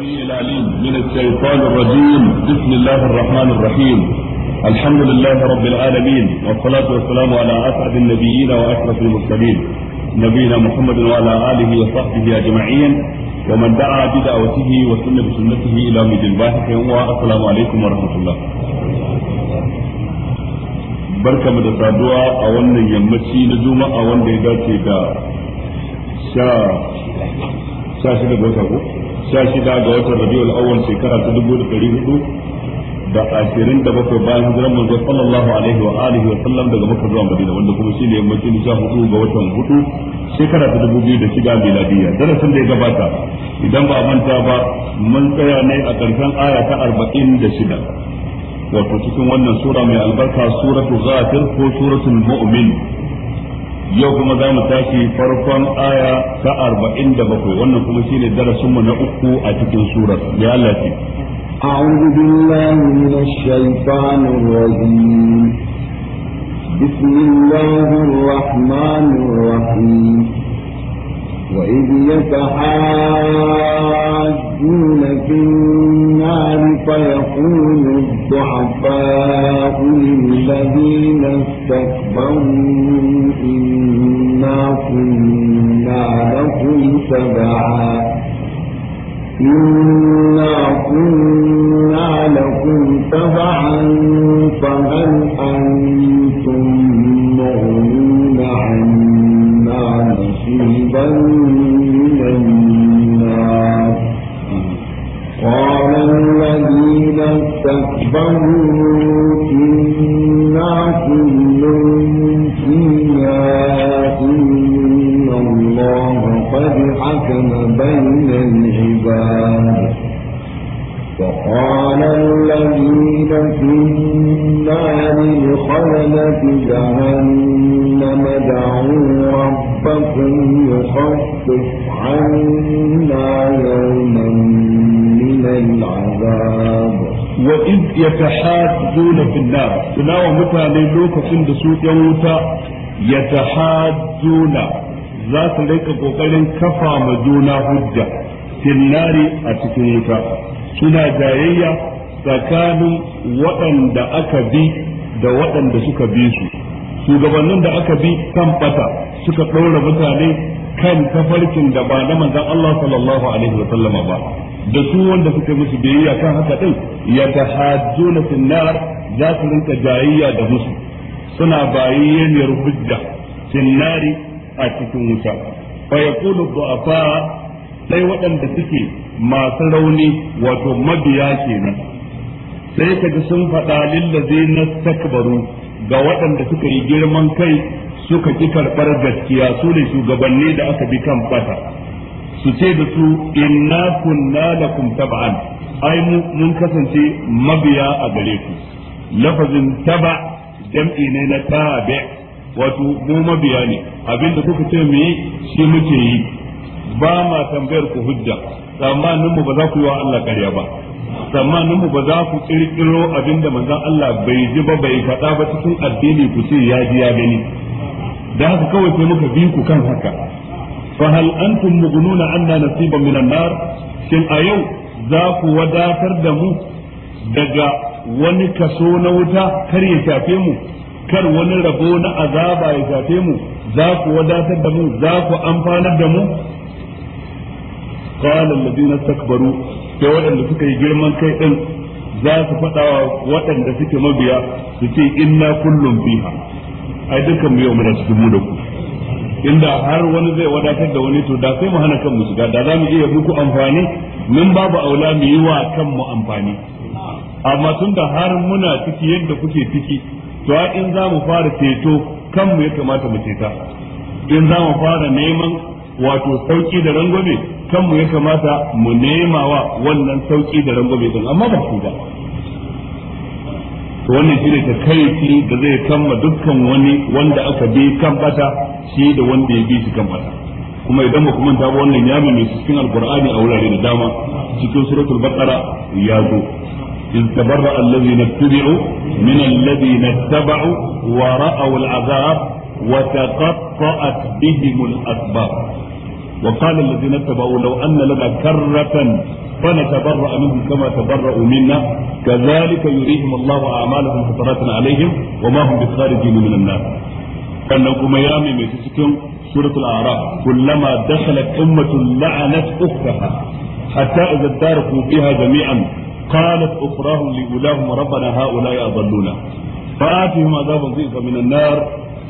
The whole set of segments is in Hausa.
العليم من الشيطان الرجيم بسم الله الرحمن الرحيم الحمد لله رب العالمين والصلاة والسلام على أسعد النبيين وأشرف المرسلين نبينا محمد وعلى آله وصحبه أجمعين ومن دعا بدعوته وسن بسنته إلى مد الباحث والسلام عليكم ورحمة الله barka mu da saduwa a wannan yammaci na juma'a wanda ya dace da sha sha shida ga wata ko sha shida ga watan al awwal shekara ta dubu da ɗari hudu da ashirin da bakwai bayan hijiran manzo sallallahu alaihi wa alihi wa sallam daga makka zuwa madina wanda kuma shine yammacin sha hudu ga watan hudu shekara ta dubu biyu da shida miladiyya darasin da ya gabata idan ba a manta ba mun tsaya ne a ƙarshen aya ta arba'in da shida wato cikin wannan sura mai albarka suratul ghafir ko suratul mu'min yau kuma za mu tashi farkon aya ta arba'in da bakwai wannan kuma shi ne darasinmu na uku a cikin surar ya lafi. ce أعوذ بالله من الشيطان الرجيم بسم الله الرحمن الرحيم وإذ يتحاجون في النار فيقول الضعفاء للذين استكبروا إنا كنا لكم تبعا إنا كنا لكم تبعا فهل أنتم مغنون عنا نصيبا من قال الذين استكبروا إنا كل فيها إن الله قد بين العباد وقال الذين في النار خلدت جهنم دعوا ربكم يخفف عنا يوما من العذاب وإذ يتحاجون في النار تناوى متى ليلوك في الدسوق يوتا يتحاجون ذات ليك قوقين كفى مجونا هجة في النار أتكون suna jayayya tsakanin waɗanda aka bi da waɗanda suka bi su shugabannin da aka bi kan bata suka ɗora mutane kan tafarkin da ba na manzan Allah sallallahu alaihi wa sallama ba da su wanda suka musu biyayya kan haka din ya ta fil nar za su rinka jayayya da musu suna bayyaniyar hujja fil a cikin wuta fa yaqulu du'afa sai waɗanda suke masu rauni wato mabiya kenan sai ka ji sun faɗa na takbaru ga waɗanda suka yi girman kai suka ki karɓar gaskiya su ne shugabanni da aka bi kan fata su ce da su inna kunna lakum taba'an ai mun kasance mabiya a gare ku lafazin taba jam'i ne na tabe wato mu mabiya ne abinda kuka ce mu yi shi muke yi ba ma tambayar ku hujja tsammanin mu ba za ku yi wa Allah ƙarya ba tsammanin mu ba za ku kirkiro abinda manzon Allah bai ji ba bai faɗa ba cikin addini ku ce ya ji ya gani da haka kawai sai muka bi ku kan haka fa hal antum mughnuna anna nasiban minan nar shin a yau za ku wadatar da mu daga wani kaso na wuta kar ya shafe mu kar wani rabo na azaba ya shafe mu za ku wadatar da mu za ku amfanar da mu قال الذين استكبروا sai waɗanda suka yi girman kai din za su faɗa wa waɗanda suke mabiya su ce inna kullum fiha ai dukkan mu yau muna cikin inda har wani zai wadatar da wani to da sai mu hana kan mu shiga da za mu iya muku amfani min babu aula mu yi wa kanmu amfani amma tun da har muna ciki yadda kuke ciki to a in za mu fara ceto kanmu ya kamata mu ceta in za mu fara neman wato sauki da rangwame kan mu ya kamata mu nema wa wannan sauki da rangwame din amma ba su da to wannan shine da zai kammala dukkan wani wanda aka bi kan bata shi da wanda ya bi shi kan bata kuma idan mu kuma ba wannan ya mai cikin alqur'ani a wurare da dama cikin suratul baqara ya zo إذ تبرأ الذين اتبعوا من الذين اتبعوا ورأوا العذاب وتقطعت بهم الأسباب وقال الذين اتبعوا لو أن لنا كرة فنتبرأ منهم كما تبرأوا منا كذلك يريهم الله أعمالهم حسرات عليهم وما هم بخارجين من النار sannan kuma ya mai cikin suratul araf kullama dakhalat ummatun la'anat ukhtaha hatta idza daraku biha jami'an qalat ukhrahum li ulahum rabbana ha'ula'i adalluna fa'atihim adhaban dhi'fan min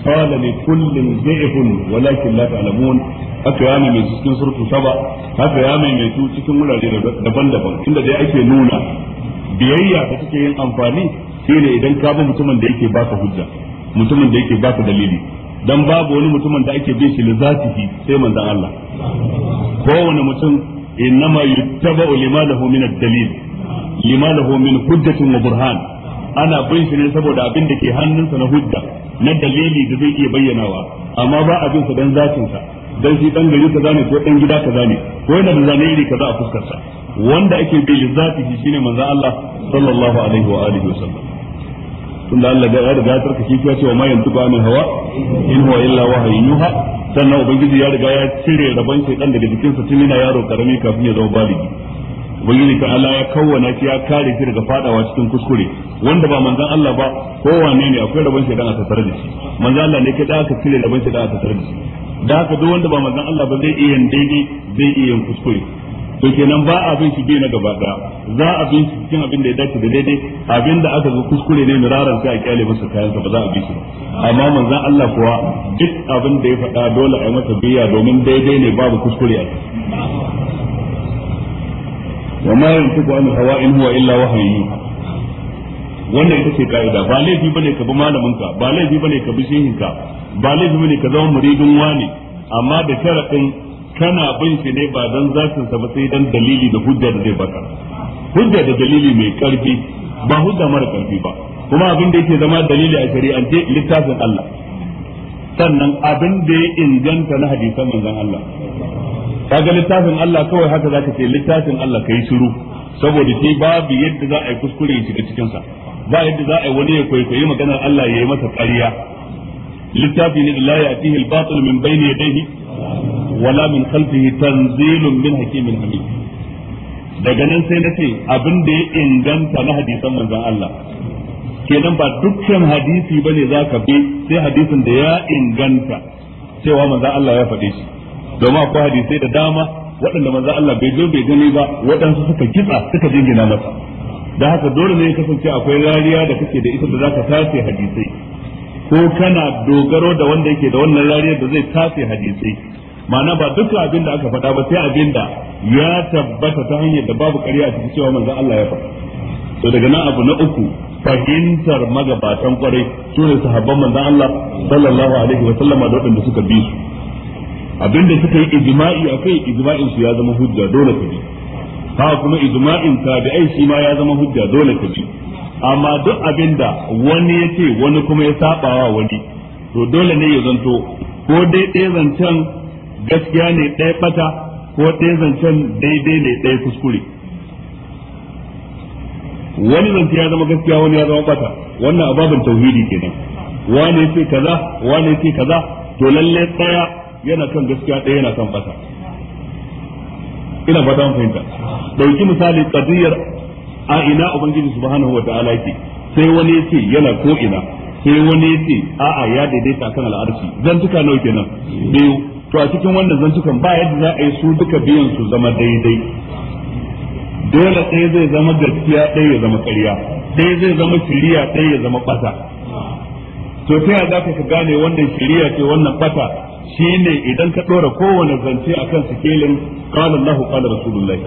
قال لكل ضعف ولكن لا تعلمون haka ya mai cikin surtu saba haka ya mai su cikin wurare daban-daban inda dai ake nuna biyayya da take yin amfani shine idan ka bi mutumin da yake baka hujja mutumin da yake baka dalili dan babu wani mutumin da ake bin shi lazatihi sai manzon Allah kowane mutum innama yuttaba'u limalahu min ad-dalil limalahu min hujjatin wa burhan ana bin shi ne saboda abin da ke hannunsa na hujja na dalili da zai iya bayyanawa amma ba a bin sa dan zatin sa dan shi dan gari kaza ne ko dan gida kaza ne ko yana da zane iri kaza a fuskar sa wanda ake bi shi ne manzo Allah sallallahu alaihi wa alihi wasallam tun da Allah ya riga ya tarkace shi ya ce wa mayan yantuku hawa in huwa illa wahyun yuha sannan ubangiji ya riga ya cire rabon shaytan daga jikinsa tun yana yaro karami kafin ya zama baligi ubangiji ta Allah ya kawwana shi ya kare shi daga fadawa cikin kuskure wanda ba manzon Allah ba kowane ne akwai rabon shaidan a tattare da shi manzon Allah ne da aka cire rabon shaidan a tattare da shi da haka duk wanda ba manzon Allah ba zai iya yin daidai zai iya yin kuskure to kenan ba a bin shi bi na gaba daya za a bin shi cikin abin da ya dace da daidai abin da aka ga kuskure ne miraran sai a kyale masa kayan sa ba za a bi shi amma manzon Allah kuwa duk abin da ya faɗa dole a yi masa biyya domin daidai ne babu kuskure a وما ينطق عن الهوى hawa in huwa illa wahyi wannan ita ce ka'ida ba laifi bane ka bi malamin ka ba laifi bane ka bi shehin ka ba laifi bane ka zama muridin wani amma da sharadin kana bin shi ne ba dan zakin sa ba sai dan dalili da hujja da zai baka hujja da dalili mai karfi ba hujja mara karfi ba kuma abin da yake zama dalili a shari'ance littafin Allah sannan abin da ya inganta na hadisan manzon Allah kaga littafin Allah kawai haka zaka ce littafin Allah kai shiru saboda shi babu yadda za a yi kuskure ya shiga cikin sa ba yadda za a yi wani ya kwaikwayi maganar Allah ya yi masa ƙarya littafi ne la ya'tihi al-batil min bayni yadayhi wala min khalfihi tanzilun min hakimin hamid daga nan sai na ce abin da ya inganta na hadisan manzon Allah kenan ba dukkan hadisi bane zaka bi sai hadisin da ya inganta cewa manzon Allah ya faɗe shi domin akwai hadisai da dama waɗanda manzo Allah bai zo bai gani ba waɗansu suka kitsa suka jingina masa da haka dole ne kasance akwai rariya da kake da ita da zaka tace hadisai ko kana dogaro da wanda yake da wannan rariya da zai tace hadisai ma'ana ba duka abin da aka faɗa ba sai abin da ya tabbata ta hanyar da babu ƙarya a cikin cewa manzo Allah ya faɗa to daga nan abu na uku fahimtar magabatan kwarai su ne sahabban manzon Allah sallallahu alaihi wa sallama da waɗanda suka bi su abinda suka yi ijma'i akai ijma'in su ya zama hujja dole ka bi ha kuma ijma'in tabi'ai shi ma ya zama hujja dole ka bi amma duk abinda wani ya ce wani kuma ya wa wani to dole ne ya zanto ko dai ɗaya zancen gaskiya ne ɗaya bata ko ɗaya zancen daidai ne ɗaya kuskure wani zance ya zama gaskiya wani ya zama bata wannan ababen tauhidi kenan wani ya ce kaza wani ya ce kaza to lalle tsaya yana kan gaskiya ɗaya yana kan bata ina fata mun fahimta ɗauki misali qadiyar a ina ubangiji subhanahu wataala yake sai wani yace yana ko ina sai wani yace a'a ya daidaita kan al'arshi zantuka nawa kenan biyu to a cikin wannan zantukan ba yadda za a yi su duka biyan su zama daidai dole ɗaya zai zama gaskiya ɗaya ya zama ƙarya ɗaya zai zama shirya ɗaya ya zama ɓata to ta yaya za ka gane wannan shirya ce wannan ɓata Shi ne idan ka dora kowane zance akan sikelin qala qala Rasulullahi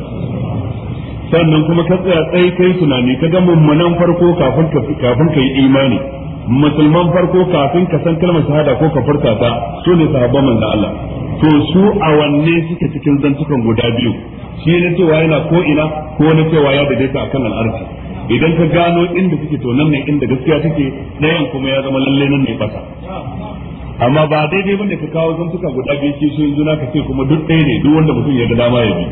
sannan kuma ka tsaya tsaye kai tunani ka ga mummunan farko kafin ka yi imani musulman farko kafin ka san kalmar shahada ko ka ta su ne sahabban manzo Allah to su a wanne suke cikin zantukan guda biyu shi ne cewa yana ko ina ko na cewa ya daidaita akan al'arfi idan ka gano inda suke to nan ne inda gaskiya take ɗayan kuma ya zama lalle nan ne fasa amma ba daidai bane ka kawo zantuka guda biyu shi sun juna ka ce kuma duk ɗaya ne duk wanda mutum ya ga dama ya bi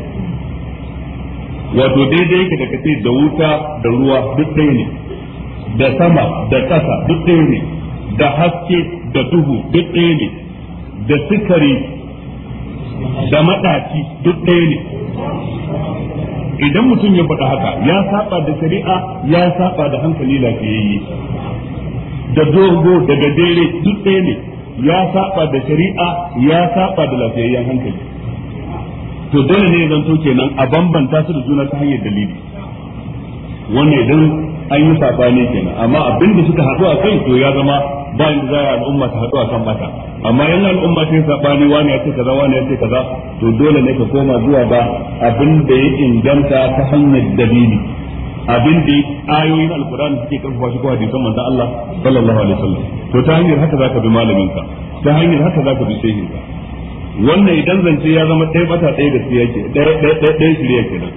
wato daidai yake da ka ce da wuta da ruwa duk ɗaya ne da sama da ƙasa duk ɗaya ne da haske da duhu duk ɗaya ne da sukari da maɗaci duk ɗaya ne idan mutum ya faɗa haka ya saba da shari'a ya saba da hankali lafiyayye da dogo da gajere duk ɗaya ne ya saba da shari'a ya saba da lafiyayyen hankali to dole ne zan to kenan a bambanta su da juna ta hanyar dalili wannan idan an yi sabani kenan amma abin da suka haɗu a kai to ya zama ba inda za a al'umma ta haɗu a kan mata amma yan al'umma ta yi ne wani ya ce kaza wani ya ce kaza to dole ne ka koma zuwa ga abin da ya inganta ta hanyar dalili abin da ayoyin alkur'ani suke karfafa shi ko hadisan manzon Allah sallallahu alaihi wasallam to ta hanyar haka zaka bi malamin ka ta hanyar haka zaka bi shehin ka wannan idan zance ya zama ɗaya bata ɗaya gaskiya ke ɗaya ɗaya shirya kenan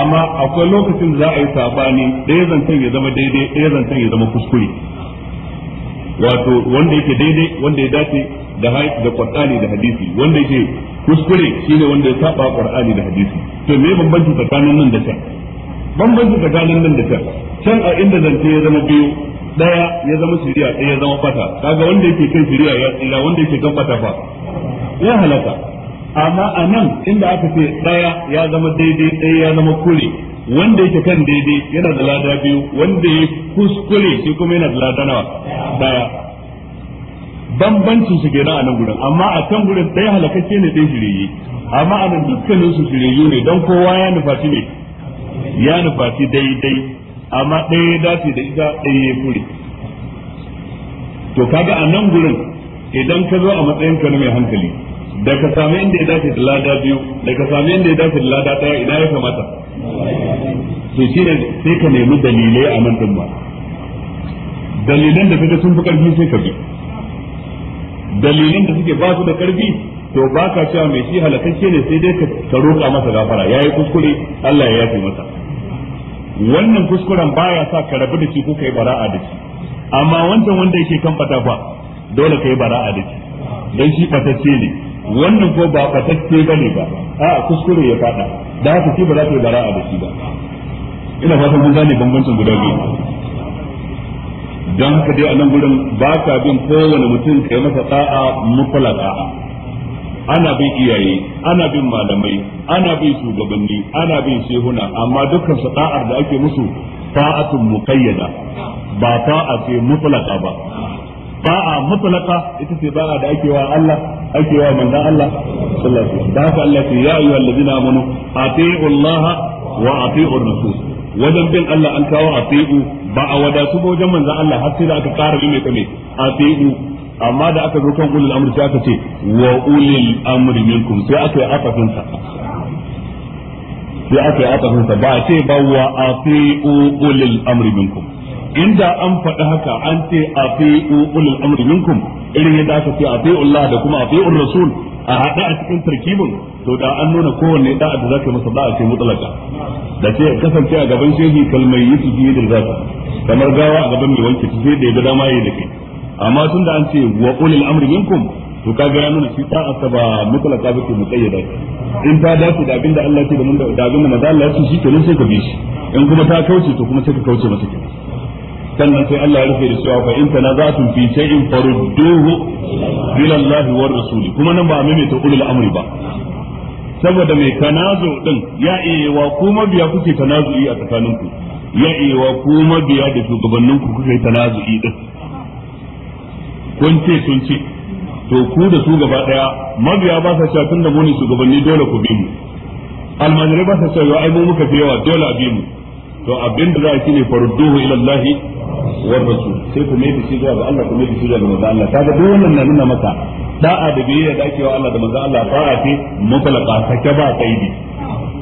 amma akwai lokacin za a yi sabani ɗaya zancen ya zama daidai ɗaya zancen ya zama kuskure wato wanda yake daidai wanda ya dace da da qur'ani da hadisi wanda yake kuskure shine wanda ya saba qur'ani da hadisi to me bambanci tsakanin nan da can bambanci tsakanin nan da can can a inda zance ya zama biyu daya ya zama shiriya daya ya zama fata kaga wanda yake kan shiriya ya tsira wanda yake kan fata fa ya halaka amma a nan inda aka ce daya ya zama daidai daya ya zama kure wanda yake kan daidai yana da lada biyu wanda ya kuskure shi kuma yana da lada nawa daya bambancin su kenan a nan gudun amma a can gudun daya halakacce ne dai shirye amma a nan dukkanin su shirye ne don kowa ya nufaci ne ya nufafi daidai amma ɗaya ya dace da ita ɗaya ya fure to kaga a nan gurin idan ka zo a matsayin ka na mai hankali da ka sami inda ya dace da lada biyu da ka sami inda ya dace da lada ɗaya idan ya kamata to shi ne sai ka nemi dalilai a nan ɗin ba dalilan da kaga sun fi ƙarfi sai ka bi dalilan da suke ba su da ƙarfi to ba ka cewa mai shi halakacce ne sai dai ka roƙa masa gafara yayi kuskure Allah ya yafe masa wannan kuskuren baya sa ka rabu da shi ko kai bara'a da shi amma wancan wanda yake kan fata fa dole kai bara'a da shi dan shi fatacce ne wannan ko ba fatacce bane ba a kuskure ya fada da haka shi ba za ka yi bara'a da shi ba ina fatan mun gane bambancin guda biyu don haka dai a nan gurin ba ka bin kowane mutum kai masa da'a mutlaka ana bin iyaye ana bin malamai ana bin shugabanni ana bin shehuna amma dukkan su da'ar da ake musu ta'atun muqayyada ba ta'a ce mutlaka ba ta'a mutlaka ita ce ba'a da ake wa Allah ake wa manzon Allah sallallahu alaihi wasallam da haka Allah ya alladina amanu ati'u Allah wa atii'ur rasul wajen bin Allah an kawo ati'u ba a wadatu ba wajen manzan Allah har sai da aka ƙara mai kame ati'u amma da aka zo kan ulul amri sai aka ce wa ulil amri minkum sai aka yi afafin sa sai aka yi afafin sa ba a ce ba wa afi'u ulil amri minkum inda an faɗi haka an ce afi'u ulil amri minkum irin yadda aka ce afi'u Allah da kuma afi'u rasul a haɗa a cikin tarkibin to da an nuna kowanne da da zaka masa ba a ce mutlaka da ce kasance a gaban shehi kalmai yi da zaka kamar gawa a gaban mai wanke tafi da ya ga dama yi da kai amma tun da an ce wa ulil amri minkum to ka ga nuna shi ta asaba mutlaka bace muqayyada in ta dace da abinda Allah ya da mun da abinda manzo Allah ya ce shi kenan sai ka bi shi in kuma ta kauce to kuma sai ka kauce masa kenan sannan sai Allah ya rufe da cewa fa in tanaza'tum fi shay'in farudduhu ila Allah wa rasuli kuma nan ba mai ta ulul amri ba saboda mai tanazo din ya wa kuma biya kuke yi a tsakaninku ya wa kuma biya da shugabanninku kuke yi din kun ce sun ce to ku da su gaba daya mabiya ba sa cewa tunda mu ne shugabanni dole ku bi mu almajirai ba sa cewa ai mu muka fi yawa dole a bi mu to abin da za a shine farudduhu ila Allah wa rasul sai ku mai da shi zuwa ga Allah ku mai da shi zuwa ga manzo Allah kaga duk wannan na nuna maka da'a da biyayya da ake wa Allah da manzo Allah fara ce mutlaqa sake ba kaidi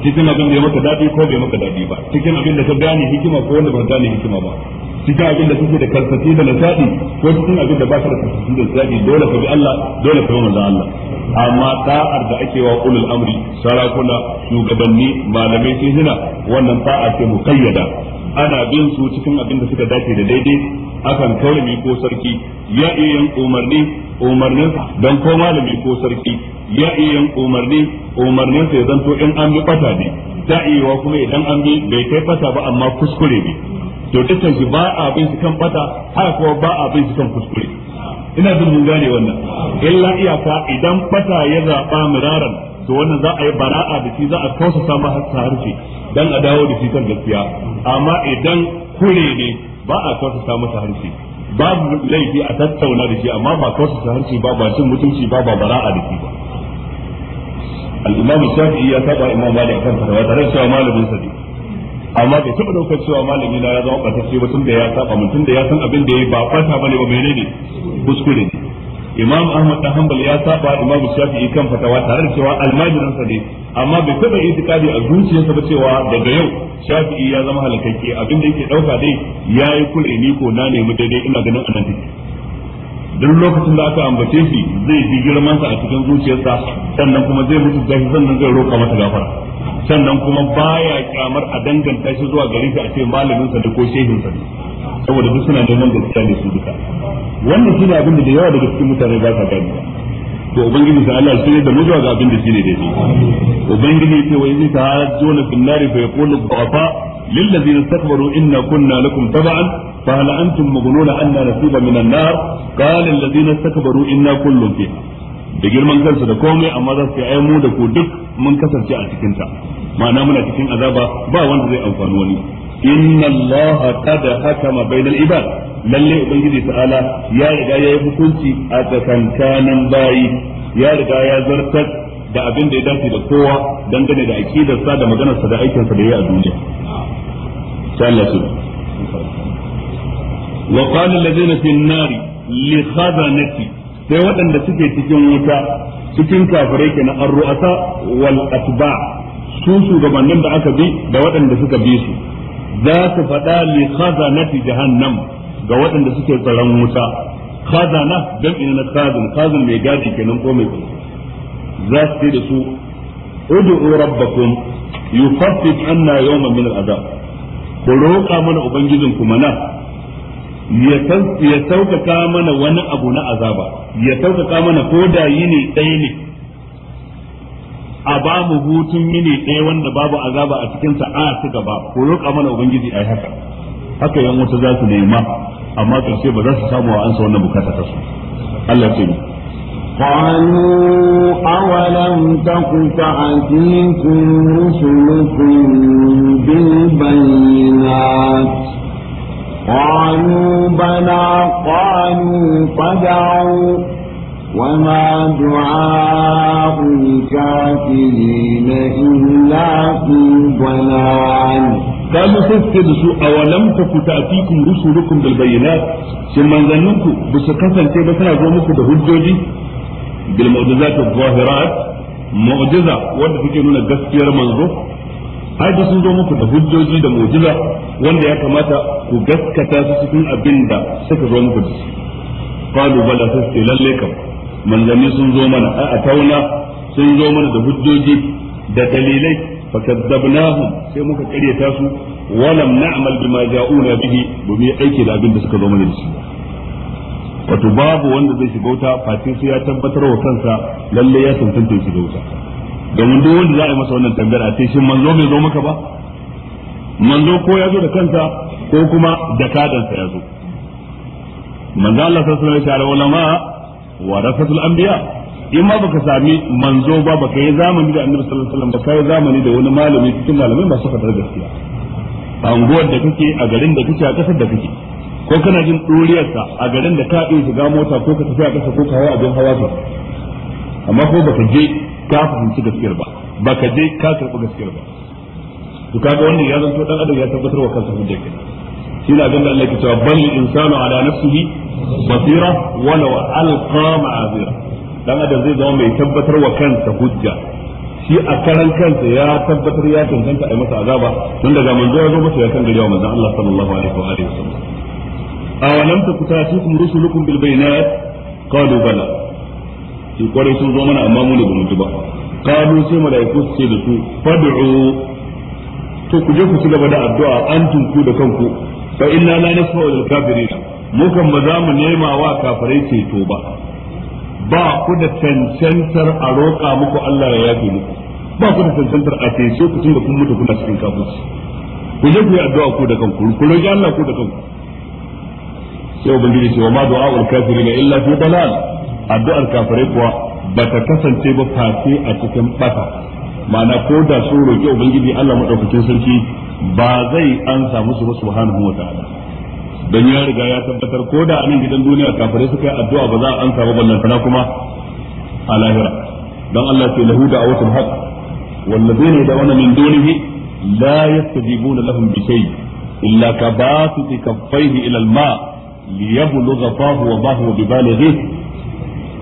cikin abin da ya maka dadi ko bai maka dadi ba cikin abin da ka gane hikima ko wanda ba gane hikima ba cikin abin da suke da karsashi da nishadi ko cikin abin da ba su da karsashi da nishadi dole ka bi Allah dole ka bi manzon Allah amma da'ar da ake wa ulul amri sarakuna shugabanni malamai sai hina wannan ta'a ce muqayyada ana bin su cikin abin da suka dace da daidai akan kaulami ko sarki ya iya umarni umarnin dan ko malami ko sarki ya iya umarni umarnin sai zanto in an bi fata ne da'iwa kuma idan an bi bai kai fata ba amma kuskure ne to dukkan shi ba a bin su kan bata haka kuma ba a bin su kan kuskure ina jin mun gane wannan illa iyaka idan bata ya zaba miraran to wannan za a yi bara'a da shi za a kausa sama harshe dan a dawo da shi kan gaskiya amma idan kure ne ba a kausa sama harshe babu laifi a tattauna da shi amma ba sa harshe ba ba cin mutunci ba ba bara'a da shi ba al-imam shafi'i ya saba imam malik kan fatawa tare da cewa malamin sa ne amma bai taba daukar cewa malami na ya zama ɓatacce ba tunda ya saba mun tunda ya san abin da ya ba ba bane ba menene kuskure ne imam ahmad dan hanbal ya saba imam shafi'i kan fatawa tare da cewa almajiransa ne amma bai taba itikadi a zuciyarsa ba cewa daga yau shafi'i ya zama halakakke abin da yake dauka dai yayi ni ko na nemi daidai ina ganin anan take duk lokacin da aka ambace shi zai yi girman sa a cikin zuciyarsa sannan kuma zai mutu gashi sannan zai roƙa masa gafara sannan kuma baya kyamar a danganta shi zuwa gare shi a ce malamin sa ko shehin sa saboda duk suna neman gaskiya ne su duka wannan shine abin da yawa daga cikin mutane ba sa gani to ubangiji ta Allah ne da mujawa ga abin da shine daidai ubangiji ya ce wa in ta jona fil nari fa yaqulu dhafa للذين استكبروا إنا كنا لكم تبعا فهل أنتم مغنون أن نصيبا من النار قال الذين استكبروا إنا كل فيها da girman kansu da komai amma za su yi mu da ku duk mun kasance a cikin ta ma'ana muna cikin azaba ba wanda zai amfani wani inna allaha qad hakama bainal ibad lalle ubangiji ta'ala ya riga ya yi hukunci a tsakankanin bayi ya riga ya zartar da abin da ya dace da kowa dangane da aqidarsa da maganarsa da aikinsa da ya a duniya ثلاثة وقال الذين في النار لخزنتي sai waɗanda suke cikin wuta cikin kafirai ke na ruasa wal atba su shugabannin da aka bi da waɗanda suka bi su za su faɗa li khazanati jahannam ga waɗanda suke tsaron wuta khazana jam'in na khazin khazin mai gadi kenan ko mai za su ce da su ud'u rabbakum yufaffif anna yawman min al'adab ku roƙa mana ubangijin ku mana ya sauƙaƙa mana wani abu na azaba ya sauƙaƙa mana ko da yini ɗaya ne a ba mu hutun yini ɗaya wanda babu azaba a cikin sa a su gaba, ku roƙa mana ubangiji ai haka haka yan wata za su nema amma ƙarshe ba za su samu an ansa wannan bukata ta su Allah ya ce قالوا أولم تك تأتيكم رسلكم بالبينات قالوا بلى قالوا فدعوا وما دعاء الكافرين إلا في ضلال kamu sai da su a walam ta ku ta'tikum rusulukum bil bayyinat shin manzanninku kasance ba suna zo muku da hujjoji bil mu'jizat adh-dhahirat mu'jiza wanda take nuna gaskiyar manzo ai sun zo muku da hujjoji da mu'jiza wanda ya kamata ku gaskata su cikin abin da suka zo muku da shi qalu bala sai lalle kam manzanni sun zo mana a'a tauna sun zo mana da hujjoji da dalilai fakadzabnahum sai muka karyata su walam na'mal bima ja'una bihi domin aiki da abin suka zo mana da shi wato babu wanda zai shiga wuta face sai ya tabbatar wa kansa lalle ya tantance shiga wuta domin duk wanda za a yi masa wannan tambayar a ce shin manzo bai zo maka ba manzo ko ya zo da kansa ko kuma da kadansa ya zo manzo Allah sallallahu alaihi wasallam ya ulama wa rasatul anbiya in ma baka sami manzo ba baka yi zamani da annabi sallallahu alaihi wasallam ba kai zamani da wani malami cikin malamai masu fadar gaskiya a unguwar da kake a garin da kake a kasar da kake ko kana jin ɗuriyarsa a garin da ka iya shiga mota ko ka tafi a ƙasa ko ka hawa abin hawa ka amma ko baka je ka fahimci gaskiyar ba baka je ka karɓi gaskiyar ba to kaga wannan ya zanto dan adam ya tabbatar wa kansa hujja ke shi na abinda Allah ke cewa bal insanu ala nafsihi basira walau alqa ma'azira dan adam zai zama mai tabbatar wa kansa hujja shi a karan kansa ya tabbatar ya tantanta a masa azaba tun daga manzo ya zo masa ya kan gari wa manzo Allah sallallahu alaihi wa alihi wasallam awalam rusu lukun bilbai na qalu bala su kware sun zo mana amma mu ne bamu ji ba qalu sai malaiku su ce da su fad'u to ku je ku ci gaba da addu'a an ku da kanku fa inna la nasfa'u lil kafirin mu kan ba za mu nema wa kafirai to ba ba ku da cancantar a roƙa muku Allah ya yafe muku ba ku da cancantar a ce ku tunda kun mutu kuna cikin kafirci ku je ku yi addu'a ku da kanku ku roƙi Allah ku da kanku sai ubangiji ce wa ma du'a'ul kafirin illa fi dalal addu'ar kafirai kuwa ba ta kasance ba face a cikin bata ma'ana ko da sun roki ubangiji Allah madaukakin sarki ba zai ansa musu ba subhanahu wa ta'ala dan ya riga ya tabbatar ko da anan gidan duniya kafirai suka yi addu'a ba za a ansa ba ballan sana kuma a lahira don Allah ce lahu da'awatul haqq والذين يدعون من دونه لا يستجيبون لهم بشيء إلا كباسط كفيه إلى الماء ليبلغ فاه وما هو ببالغه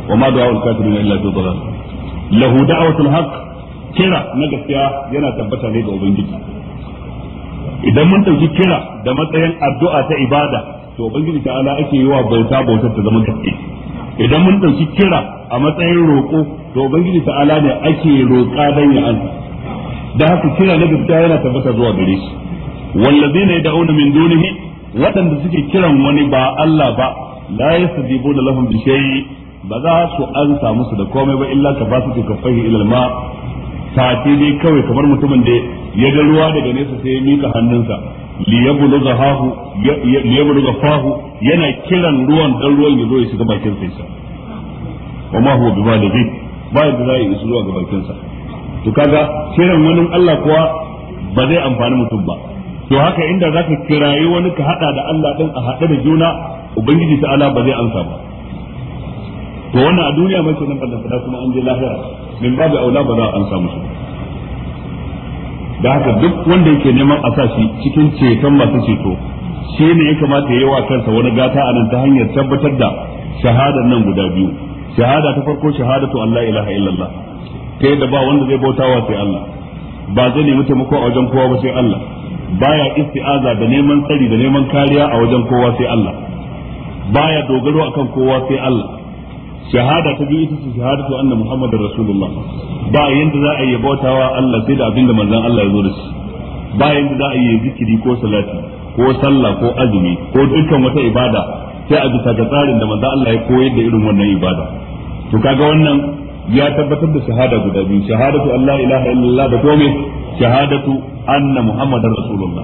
وما دعاء الكافرين الا في ضلال له دعوة الحق kira na gaskiya yana tabbata ne ga idan mun ɗauki kira da matsayin addu'a ta ibada to ubangiji ta ala ake yi wa bauta bautar ta zaman tafi idan mun ɗauki kira a matsayin roƙo to ubangiji ta ala ne ake roƙa dan ya an da haka kira na gaskiya yana tabbata zuwa gare shi wallazina yad'una min dunihi waɗanda suke kiran wani ba Allah ba la yasdibu lahum bi shay'i ba za su ansa musu da komai ba illa ka basu su kafahi ila ma sati dai kawai kamar mutumin da ya ga ruwa daga nesa sai ya mika hannunsa liyabluga hahu liyabluga fahu yana kiran ruwan dan ruwan ya zo ya shiga bakin sa amma huwa bi balighi ba ya isu zuwa ga bakin sa to kaga kiran wani Allah kuwa ba zai amfani mutum ba to haka inda za ka kirayi wani ka hada da Allah din a hada da juna ubangiji ala ba zai amsa ba to wannan a duniya mai kenan ballan fada kuma an je lahira min babu aula ba za a amsa musu da haka duk wanda yake neman a sa shi cikin ceton masu ceto shi ne ya kamata yayi wa kansa wani gata a nan ta hanyar tabbatar da shahadar nan guda biyu shahada ta farko shahadatu Allah ilaha illallah ta yadda ba wanda zai bautawa sai Allah ba zai nemi taimako a wajen kowa ba sai Allah baya isti'aza da neman tsari da neman kariya a wajen kowa sai Allah baya dogaro akan kowa sai Allah shahada ta biyu ita ce shahadatu anna muhammadar rasulullah ba yanda za a yi bautawa Allah sai da abinda manzon Allah ya zo da shi ba yanda za a yi zikiri ko salati ko sallah ko azumi ko dukkan wata ibada sai a bisa ga tsarin da manzon Allah ya koyar da irin wannan ibada to kaga wannan ya tabbatar da shahada guda biyu shahadatu Allah ilaha illallah da kome shahadatu anna muhammadar rasulullah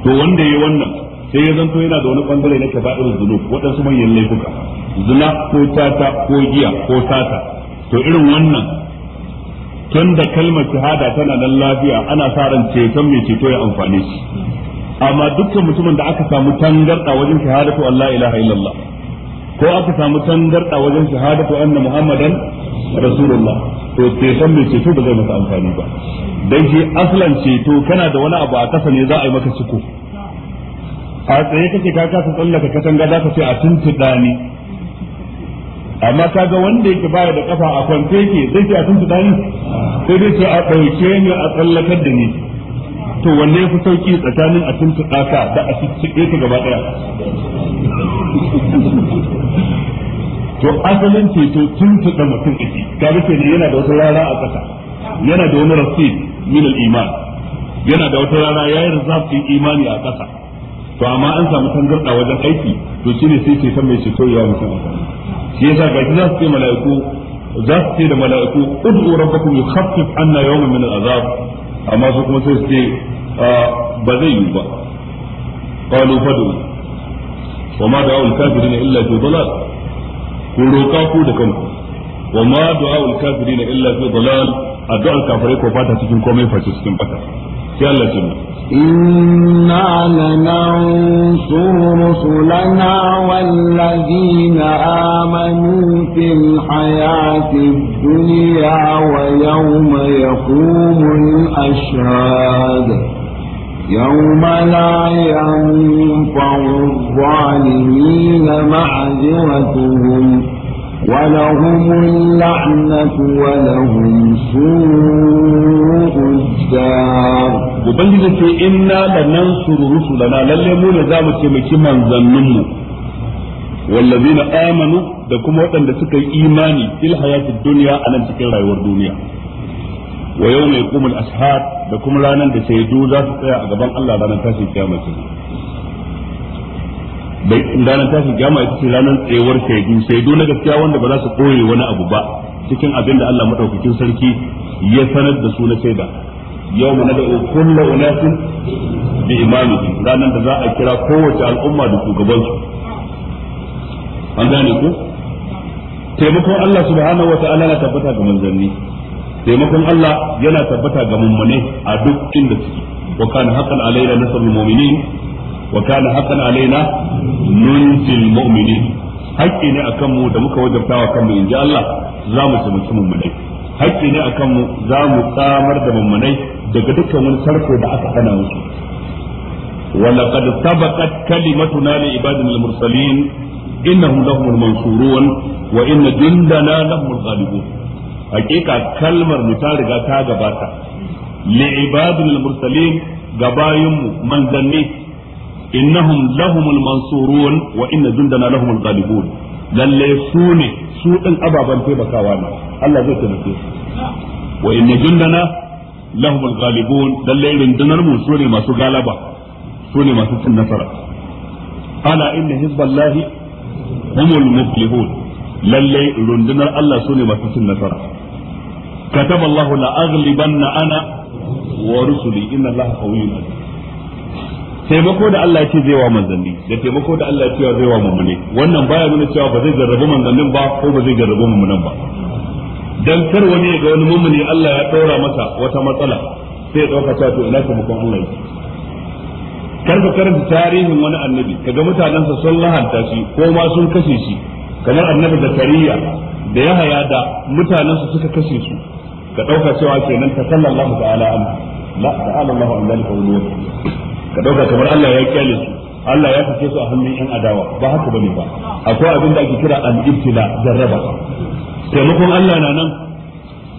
to wanda yayi wannan sai ya zanto yana da wani bangare na kaba'irul zunub waɗansu manyan laifuka zina ko tata ko giya ko tata to irin wannan tun da kalmar shahada tana nan lafiya ana sa ran ceton mai ceto ya amfane shi amma dukkan mutumin da aka samu tangarda wajen shahadatu Allah ilaha illallah ko aka samu tangarda wajen shahadatu anna muhammadan rasulullah to ceton mai ceto ba zai masa amfani ba dan shi aslan ceto kana da wani abu a kasa ne za a yi maka ciko a tsaye kake ka kasa tsallaka katanga za ka ce a tuntuɗa ni amma kaga wanda yake baya da kafa a kwance yake zai ce a tuntuɗa ni sai dai ce a ɗauke ni a tsallakar da ni to wanne yafi sauki tsakanin a tuntuɗa ka da a cikin ka gaba ɗaya to asalin ceto tuntuɗa mutum ake kaga ce yana da wata rara a ƙasa yana da wani rasid min iman yana da wata rara ya yayin rizafin imani a ƙasa to amma an samu tangarɗa wajen aiki to shine sai ceton mai ceto ya mutum a shi yasa ga za su ce mala'iku za su ce da mala'iku ud'u rabbakum yukhaffif anna yawman min al-azab amma su kuma sai su ce ba zai yi ba qalu fadu wa ma da'u al-kafirin illa fi dhalal ku roƙa ku da kanku wa ma du'aul kafirin illa fi dalal addu'ar kafirai ko fata cikin komai face cikin bata sai Allah ya inna lanansur rusulana wallazina amanu fil hayatid dunya wa yawma yaqumul ashhad يوم لا ينفع الظالمين معذرتهم ولهم اللعنة ولهم سوء الدار Ubangiji ce inna da nan suru lana lalle mu ne za mu taimaki manzanninmu wallazina amanu da kuma waɗanda suka yi imani fil hayatid duniya a nan cikin rayuwar duniya wa yawma yaqumul ashab da kuma ranar da shaidu za su tsaya a gaban Allah ranar tashin kiyama ce ranar tashin kiyama ita ce ranar tsayuwar shaidu shaidu na gaskiya wanda ba za su koye wani abu ba cikin abin da Allah madaukakin sarki ya sanar da su na shaida yawma nad'u kullu unasin bi imamihim ranar da za a kira kowace al'umma da shugabansu an gane ku taimakon Allah subhanahu wa ta'ala na tabbata ga manzanni taimakon Allah yana tabbata ga mummune a duk inda suke wa kana haqqan alaina nasrul mu'minin wa kana haqqan alaina nunjil mu'minin haƙƙi ne akan mu da muka wajabta wa kanmu inji Allah za mu taimaki mummune haƙƙi ne akan mu za mu samar da mummune daga dukkan wani sarko da aka hana musu ولقد سبقت كلمتنا لعبادنا المرسلين إنهم لهم المنصورون وإن جندنا لهم الغالبون hakika kalmar mu ta riga ta gabata li ibadil mursalin gabayun mu manzanni innahum lahumul mansurun wa inna jundana lahumul ghalibun lalle su ne su din ababan taimakawa ne Allah zai taimake su wa inna jundana lahumul ghalibun lalle rundunar mu su ne masu galaba su ne masu cin nasara ala inna hizballahi humul muflihun Lallai rundunar Allah sune masu cin nasara كتب الله لأغلبن أنا ورسلي إن الله قوي عزيز taimako da Allah ce zai wa manzanni da taimako da Allah ce zai wa mummune wannan baya nuna cewa ba zai jarrabu manzannin ba ko ba zai jarrabu mummunan ba dan kar wani ga wani mummuni Allah ya daura masa wata matsala sai ya dauka cewa to ina taimakon Allah yake kar ka karanta tarihin wani annabi kaga mutanensa sun lahanta shi ko ma sun kashe shi kamar annabi zakariya da ya haya da mutanensu suka kashe su ka ɗauka cewa kenan ta sallallahu ta'ala an la ta'ala Allahu an dalika ka ɗauka kamar Allah ya kyale su Allah ya fice su a hannun yan adawa ba haka bane ba akwai abin da ake kira al-ibtila jarraba taimakon Allah na nan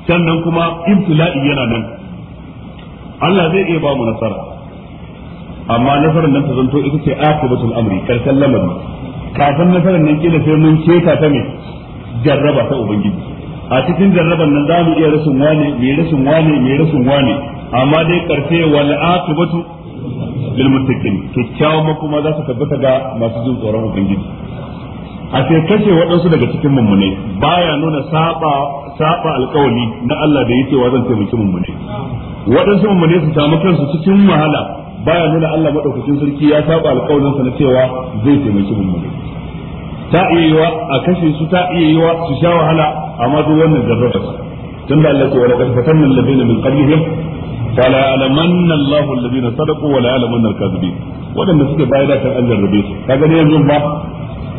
sannan kuma ibtila'i yana nan Allah zai iya ba mu nasara amma nasarar nan ta zanto ita ce akibatul amri karkan lamari kafin nasarar nan kila sai mun ceta ta mai jarraba ta ubangiji a cikin jarraban nan za mu iya rashin wane mai rashin wane mai rashin wane amma dai karfe wal aqibatu lil muttaqin kikkiawa ma kuma za su tabbata ga masu jin tsoron ubangiji a sai kace waɗansu daga cikin mummune baya nuna saba saba alkawali na Allah da yake wa zan taimaki mummune waɗansu mummune su samu kansu cikin wahala baya nuna Allah madaukakin sarki ya saba alƙawarin sa na cewa zai taimaki mummune ta iya yiwa a kashe su ta iya yiwa su sha wahala amma duk wannan jarraba ce tun da Allah ke wala kad fatanna alladhina min qablihim fala alamanna Allahu alladhina sadaqu wa la alamanna al-kadhibin Waɗanda suke bayar da kan an rabe su kaga ne yanzu ba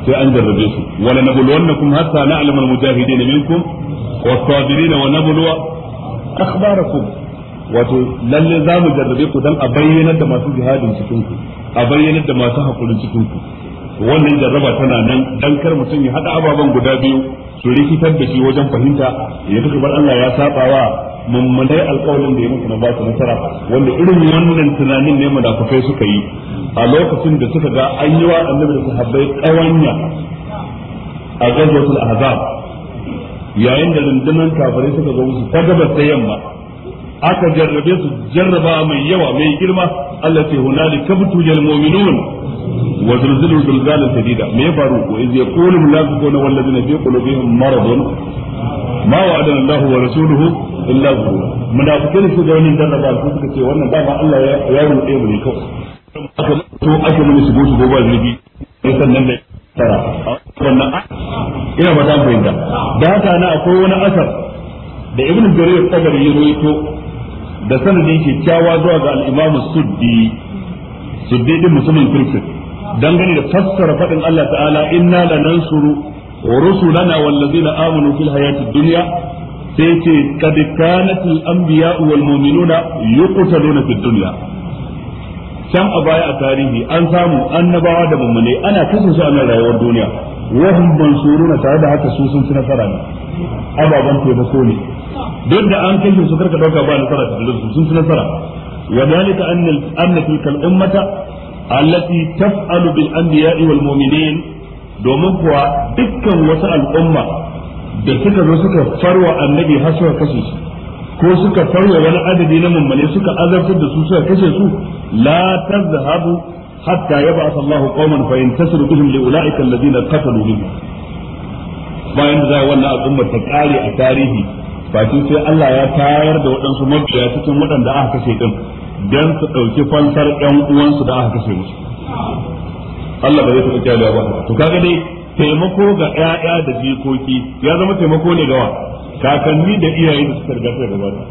sai an jarrabe su wala nabluwannakum hatta na'lam al-mujahidin minkum was-sabirin wa nabluwa akhbarakum wato lalle za mu jarrabe ku dan a bayyana da masu jihadin cikin ku a bayyana da masu haƙurin cikin ku wannan jarraba tana nan dan kar mutum ya hada ababen guda biyu su rikitar da shi wajen fahimta ya duka bar Allah ya saba wa mummunai alƙawarin da ya mutu na ba su nasara wanda irin wannan tunanin ne munafukai suka yi a lokacin da suka ga an yi wa annabi da sahabbai ƙawanya a gazwatul ahzab yayin da rundunar kafirai suka zo musu ta gabas ta yamma aka jarrabe su jarraba mai yawa mai girma Allah ce kabtu jal mu'minun wa zulzilu zulzalan shadida me ya faru ko iz yaqulu munafiquna wal ladina fi qulubihim maradun ma wa'ada Allahu wa rasuluhu illa ghurur munafiqun su ga wani jarraba su suka ce wannan dama Allah ya ya rutse mu ne kawai aka to aka mun shigo shigo ba zubi sai sannan da tara wannan ina ba dan fahimta da haka na akwai wani asar da ibn jarir tagari ya rawaito da sanadin kyakkyawa zuwa ga al'imamin imam Suddi Suddi din musulmin dangane da fassara faɗin Allah ta'ala inna na rusulana na amanu fil hayatid dunya sai ce kad kanat al anbiya wal mu'minuna yuqtaluna fid dunya can a baya a tarihi an samu annabawa da mummune ana kashe su a nan rayuwar duniya wahum mansuruna tare da haka su sun ci nasara ne ababan taimako ne duk da an kashe su karka dauka ba nasara ta dole sun ci nasara wa dalika anna anna tilkal ummata allati taf'alu bil anbiya'i wal mu'minin domin kuwa dukkan wata al'umma da suka zo suka farwa annabi har suka kashe shi ko suka farwa wani adadi na mummune suka azabtar da su suka kashe su la tazhabu hatta yab'ath Allahu qauman fa yantasiru bihim li ulaika alladhina qatalu minhum bayan da wannan al'ummar ta kare a tarihi ba shi sai Allah ya tayar da waɗansu mabiya cikin waɗanda aka kashe din don su ɗauki fansar ƴan uwansu da aka kashe musu Allah ba zai taɓa kyale ba to kaga dai taimako ga ƴaƴa da jikoki ya zama taimako ne gawa kakanni da iyaye da suka riga suka da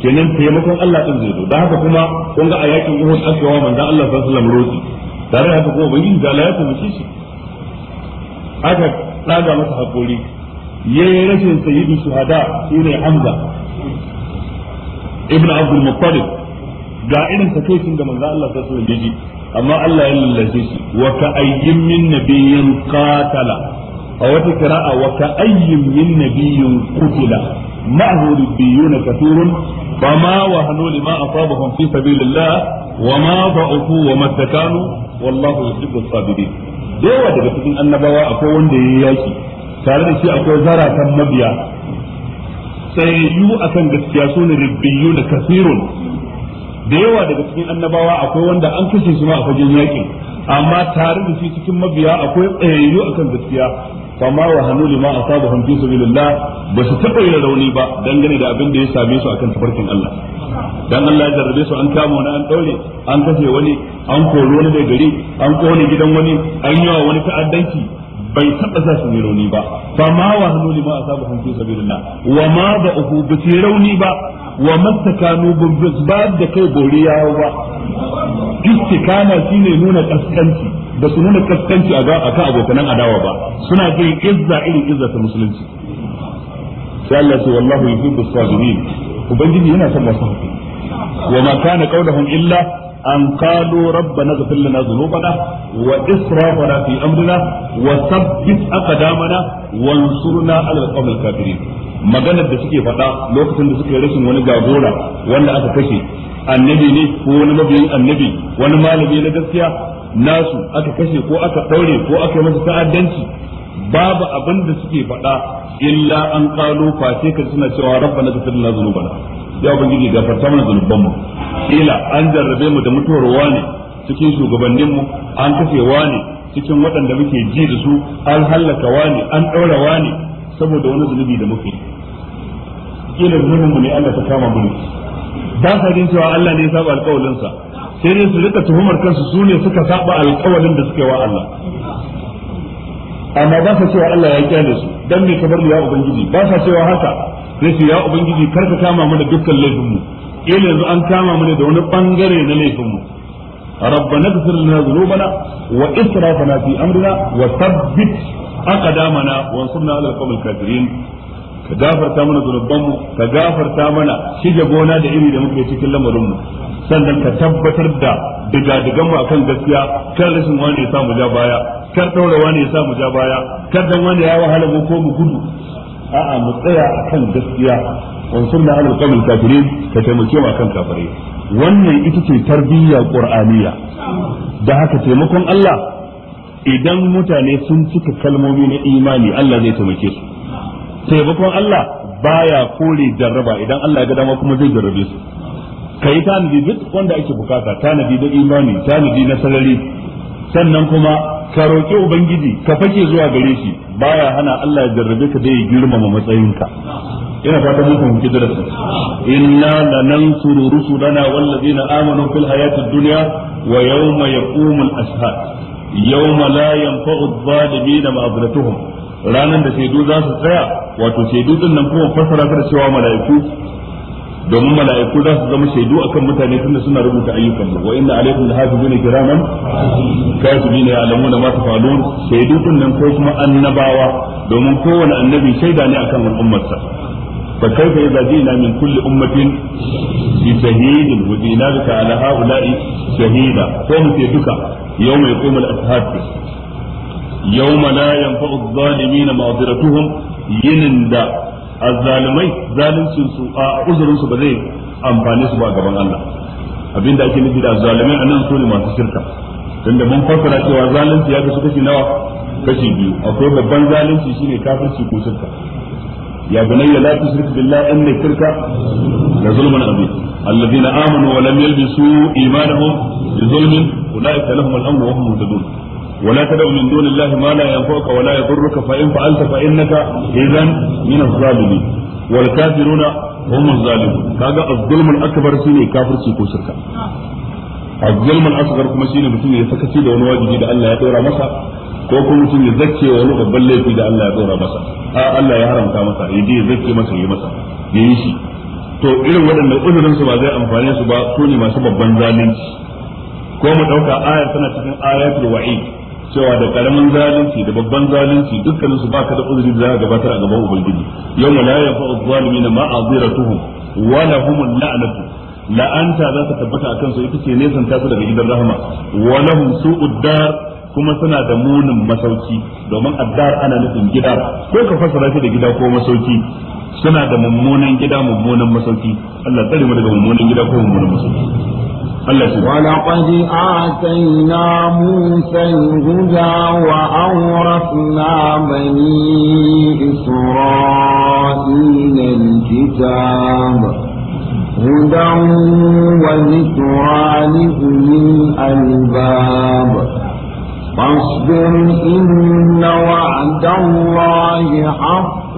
kenan taimakon Allah din zai zo da haka kuma kun ga a yakin Uhud aka man manzon Allah sallallahu alaihi wasallam roƙi tare da haka kuma ubangiji da Allah ya taimake shi aka tsaga masa hakuri yayi rashin sayyidu shuhada shine hamza ibn abdul muttalib ga irin takeicin da manzo Allah sallallahu alaihi wasallam amma Allah ya lallace shi wa ka ayyin min nabiyyin qatala a wata qira'a wa ka ayyin min nabiyyin qutila ma'ahu rubbiyuna kathurun فما وهنوا لما أصابهم في سبيل الله وما ضعفوا وما استكانوا والله يحب الصابرين da yawa daga cikin annabawa akwai wanda ya yaki tare da shi akwai zaratan mabiya tsayayyu kan gaskiya su ne ribbiyu da kasirun da yawa daga cikin annabawa akwai wanda an kashe su ma a fagen yakin amma tare da shi cikin mabiya akwai tsayayyu a kan gaskiya fama wa hannu lima su bi lillah ba su taɓa yin rauni ba dangane da abin da ya same su akan tafarkin Allah dan Allah ya jarrabe su an kama wani an ɗaure an kashe wani an koro wani daga gari an kone gidan wani an yi wa wani ta'addanci bai taba sa su rauni ba fa ma wa hanu lima asabahum fi sabilillah wa ma ba ba'uhu bi rauni ba wa mastakanu bi bab da kai boriya ba istikana shine nuna kaskanci ba su nuna kaskanci a ga akan abokanan adawa ba suna bin izza irin izza ta musulunci sai Allah ce wallahu yuhibbu sabirin ubangiji yana son wasu hakuri wa ma kana qawluhum illa أن قالوا ربنا اغفر لنا ذنوبنا وإسرافنا في أمرنا وثبت أقدامنا وانصرنا على القوم الكافرين maganar da suke faɗa lokacin da suke rashin wani jagora wanda aka kashe annabi ne ko wani mabiyin annabi wani malami na gaskiya nasu aka kashe ko aka ɗaure ko aka yi masa ta'addanci babu abin da suke faɗa illa an ƙalo face ka suna cewa rabbana ghfir lana dhunubana ya ubangiji gafarta mana zunuban mu ila an jarrabe mu da mutuwar wani cikin shugabannin mu an kashe wani cikin waɗanda muke ji da su an hallaka wani an ɗaura wani saboda wani zunubi da muke kila zunubin mu ne Allah ta kama mu ne ba sa jin cewa Allah ne ya saba alƙawarin sa sai dai su rika tuhumar kansu su ne suka saba alƙawarin da suke wa Allah amma ba sa cewa Allah ya kyale su dan me kabar bar ya ubangiji ba sa cewa haka sai ce ya ubangiji kar ka kama mu da dukkan laifinmu. mu ila yanzu an kama mu da wani bangare na laifin mu ربنا اغفر لنا fi واسرافنا wa امرنا وثبت اقدامنا وانصرنا على القوم الكافرين ka gafarta mana zunubanmu ka gafarta mana shige gona da iri da muke cikin lamarinmu sannan ka tabbatar da digadigan mu akan gaskiya kar rashin wani ya samu ja baya kar daura wani ya samu ja baya kar dan wani ya wahala mu ko mu gudu a'a mu tsaya akan gaskiya wansurna ala alqawmil kafirin ka taimake mu kan kafirai wannan ita ce tarbiyya qur'aniya da haka taimakon Allah idan mutane sun cika kalmomi na imani Allah zai taimake su taimakon Allah baya kore jarraba idan Allah ya ga dama kuma zai jarrabe su kai tanadi duk wanda ake bukata tanadi da imani tanadi na sarari sannan kuma ka roƙi ubangiji ka fake zuwa gare shi baya hana Allah ya jarrabe ka dai girmama matsayinka ina fata mun fahimci darasi inna lanansuru rusulana wallazina amanu fil hayati dunya wa yawma yaqumul ashhad yawma la yanfa'u adh-dhalimin ma'azratuhum ranan da shaidu za su tsaya wato shaidu din nan kuma fassara ta cewa mala'iku domin mala'iku za su zama shaidu akan mutane tunda suna rubuta ayyukan mu wa inna alaikum lahafizuna kiraman katibina ya'lamuna ma tafalun shaidu din nan ko kuma annabawa domin kowane annabi shaida ne akan al'ummarsa fa kaifa idza jina min kulli ummatin bi shahidin wa jina bika ala haula'i shahida ko mu ce duka yawma yaqumul ashhad yawma la yanfa'u adh-dhalimin ma'dhiratuhum yinin da azzalumai zaluncin su a uzurin su ba zai amfane su ba gaban Allah abinda ake nufi da azzalumai anan su ne masu shirka tunda mun fassara cewa zalunci ya kasu kashi nawa kashi biyu akwai babban zalunci shine kafirci ko shirka ya bunayya la tushrik billahi inna shirka la zulmun azim alladhina amanu wa lam yalbisu imanahum bi zulmin ulaika lahum al-amru wa hum muhtadun ولا تدع من دون الله ما لا ينفعك ولا يضرك فإن فعلت فإنك إذا من الظالمين والكافرون هم الظالمون كذا الظلم الأكبر سيني كافر سيكو شركا الظلم الأصغر كما سيني بسيني يسكسي دون واجبي دا الله يطورا مسا ko kuma mutum ya zacce wani babban laifi da Allah ya dora masa a Allah ya haramta masa ya je zacce masa yi masa ya yi shi to irin waɗannan uzurin su ba zai amfane su ba su ne masu babban zalunci ko mu ɗauka ayar tana cikin ayatul wa'id cewa da karamin zalunci da babban zalunci dukkanin su baka da uzuri da za gabatar a gaban ubangiji yawma la yanfa'u zalimin tuhu wa lahum la'natu la'anta za ta tabbata akan su ita ce nesan tasu daga gidan rahama wa lahum su'ud kuma suna da munin masauki domin addar ana nufin gida ko ka fasara shi da gida ko masauki suna da mummunan gida mummunan masauki Allah tsare mu daga mummunan gida ko mummunan masauki ولقد آتينا موسى الهدى وأورثنا بني إسرائيل الكتاب هدى وذكرى لأولي الألباب فاصبر إن وعد الله حق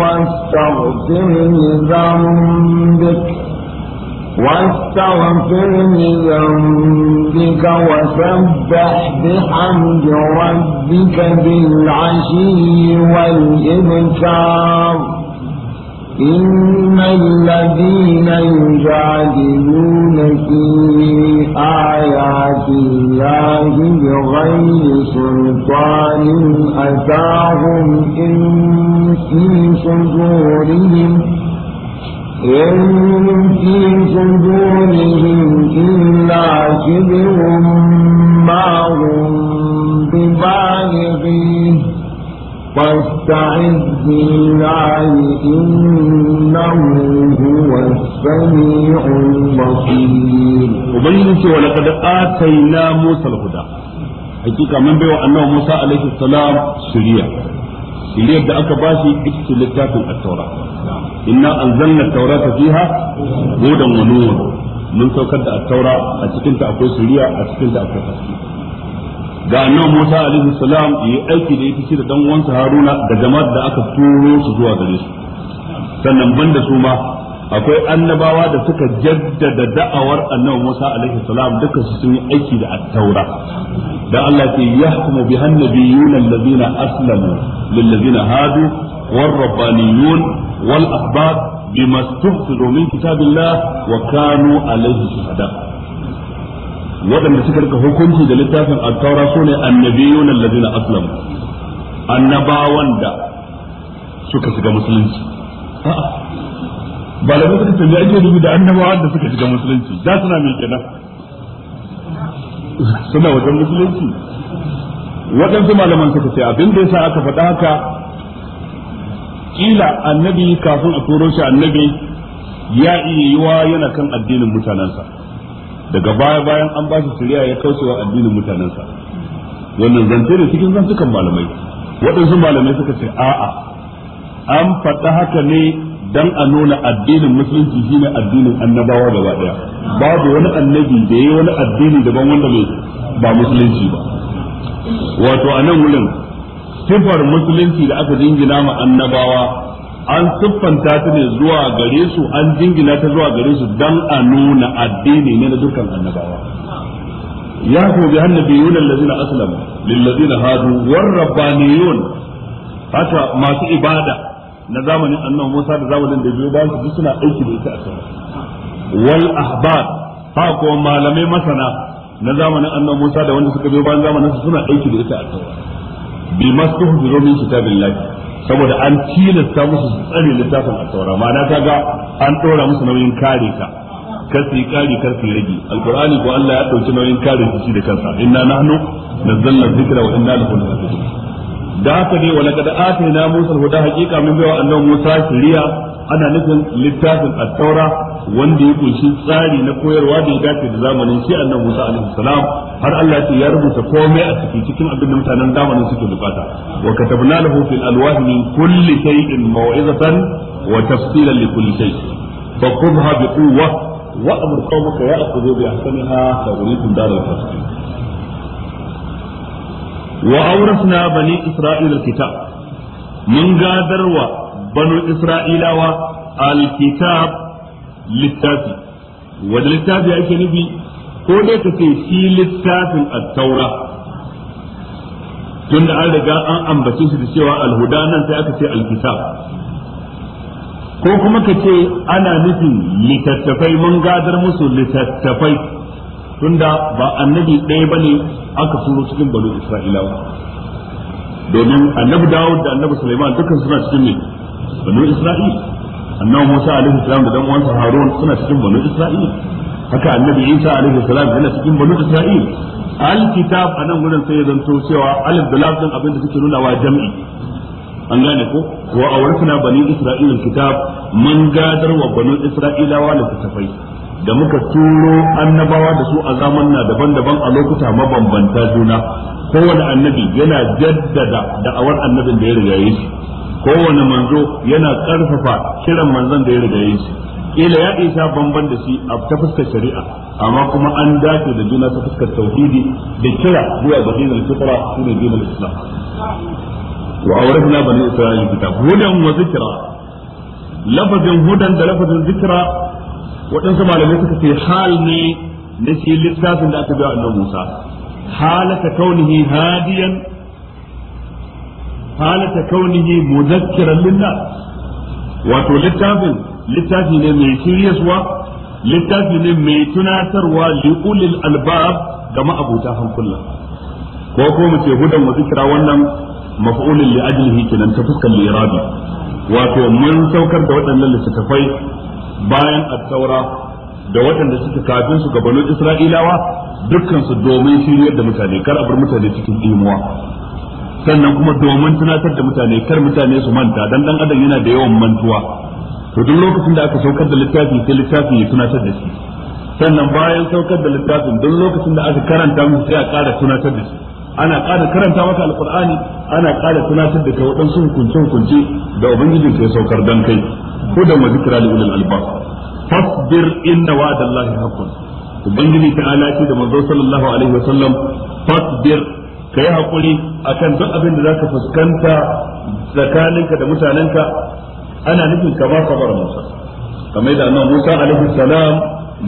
واستغفر لذنبك واستغفر لذنبك وسبح بحمد ربك بالعشي والإبكار إن الذين يجادلون في آيات الله بغير سلطان أتاهم إن في صدورهم إن في صدورهم إلا كبر ما هم ببالغين فاستعذ بالله إنه هو السميع البصير وبينك ولقد آتينا موسى الهدى حقيقة من أنه موسى عليه السلام شريعة shiriyar da aka bashi ita ce littafin at-taura inna anzalna at-taurata fiha hudan wa nur mun saukar da at-taura a akwai a akwai ga annabi Musa alaihi salam yi aiki da ita shi da dan uwansa Haruna da jama'ar da aka turo su zuwa gare su sannan banda su ma akwai annabawa da suka jaddada da'awar annabi Musa alaihi salam duka su sun yi aiki da at-taura dan Allah ke yahkumu bi annabiyuna allazina aslamu lil ladzina hadu war rabbaniyun wal ahbab bima tuhfizu min kitabillah wa kanu alaihi shuhada waɗanda suka rika hukunci da littafin at-taura sune annabiyuna allazina aslamu annabawan da suka shiga musulunci a'a malamai suka ce me ake nufi da annabawa da suka shiga musulunci da suna mai kenan suna wajen musulunci waɗansu malaman suka ce abin da yasa aka faɗa haka kila annabi kafin a turo shi annabi ya iya yiwa yana kan addinin mutanensa daga baya bayan an ba shi shari'a ya kaucewa addinin mutanensa wannan zance ne cikin zantukan malamai waɗansu malamai suka ce a'a an faɗa haka ne dan a nuna addinin musulunci shine addinin annabawa gaba daya babu wani annabi da yi wani addini daban wanda mai ba musulunci ba wato a nan wurin sifar musulunci da aka jingina ma annabawa an siffanta ta ne zuwa gare su an jingina ta zuwa gare su dan a nuna addini ne na dukkan annabawa ya ko bi annabiyuna allazina aslamu lillazina hadu war rabbaniyun hata masu ibada na zamanin annabi Musa da zamanin da biyo bayan su suna aiki da ita a sama wal ahbar fa ko malamai masana na zamanin annabi Musa da wanda suka biyo bayan zamanin su suna aiki da ita a sama bi mastuhu bi rumin kitabillahi saboda an tilasta musu su tsare littafin a ma na kaga an dora musu nauyin kare ka kar su yi kari kar su rage alqur'ani ko Allah ya dauki nauyin kare shi da kansa inna nahnu nazzalna dhikra wa inna lahu lahafizun da haka ne wala kada atina musa huda hakika min bai wa annabi musa shari'a ana nufin littafin at-taura wanda ya kunshi tsari na koyarwa da ya dace da zamanin shi annabi musa alaihi salam har Allah ya ce ya rubuta komai a cikin cikin abin da mutanen zamanin suke bukata wa katabna lahu fil alwah min kulli shay'in maw'izatan wa tafsilan li kulli shay fa khudha bi quwwa wa amur qawmaka ya'khudhu bi ahsaniha fa uriikum daral fasiqin wa aurasna bani isra'ila alkitab mun gadarwa banu isra'ilawa alkitab littafi wanda littafi ake nufi ko dai ka ce shi littafin at-taura tunda an riga an ambace shi da cewa alhuda nan sai aka ce alkita. ko kuma ka ce ana nufin littattafai mun gadar musu littattafai tunda ba annabi ɗaya bane aka turo cikin banu isra'ilawa domin annabi dawud da annabi Suleiman dukkan suna cikin ne banu isra'il annabi musa alaihi salam da dan uwansa harun suna cikin banu isra'il haka annabi isa alaihi salam yana cikin banu isra'il alkitab anan gurin sai ya zanto cewa alif da lam din abin da suke nuna wa jam'i an gane ko wa awratna bani isra'il kitab man gadar wa banu isra'ilawa littafai da muka turo annabawa da su a na daban-daban a lokuta mabambanta juna kowane annabi yana jaddada da'awar annabin da ya riga rigaye shi kowane manzo yana karfafa kiran manzon da ya riga rigaye shi kila ya isa bamban da shi a ta fuskar shari'a amma kuma an dace da juna ta fuskar tauhidi da kira zuwa ga dinin fitra shine dinin islam wa awrafna bani isra'il kitab hudan wa zikra lafazin hudan da lafazin zikra waɗansu malamai suka ce hal ne na shi littafin da aka biya annabi Musa halata kaunihi hadiyan halata kaunihi mudhakkiran linnas wato littafin littafi ne mai shiryaswa littafi ne mai tunatarwa liqulil albab ga ma'abuta hankula ko ko mu ce hudan wa zikra wannan maf'ulun li ajlihi kenan ta fuskar lirabi wato mun saukar da waɗannan littattafai bayan attaura da waɗanda suka kafin su gabano isra'ilawa dukkan su domin shiryar da mutane kar a bar mutane cikin imuwa sannan kuma domin tunatar da mutane kar mutane su manta dan dan adam yana da yawan mantuwa to duk lokacin da aka saukar da littafi sai littafin ya tunatar da shi sannan bayan saukar da littafin duk lokacin da aka karanta mu sai a ƙara tunatar da shi ana ƙara karanta maka alqur'ani ana ƙara tunatar da kai waɗansu hukunce hukunce da ubangijin ya saukar don kai ko da mazikra li ulil albab fasbir inna wa'dallahi haqqun ubangiji ta'ala ce da manzo sallallahu alaihi wasallam fasbir Ka kai hakuri akan duk abin da zaka fuskanta tsakaninka da mutanenka ana nufin kama sabar musa kamar da annabi Musa alaihi salam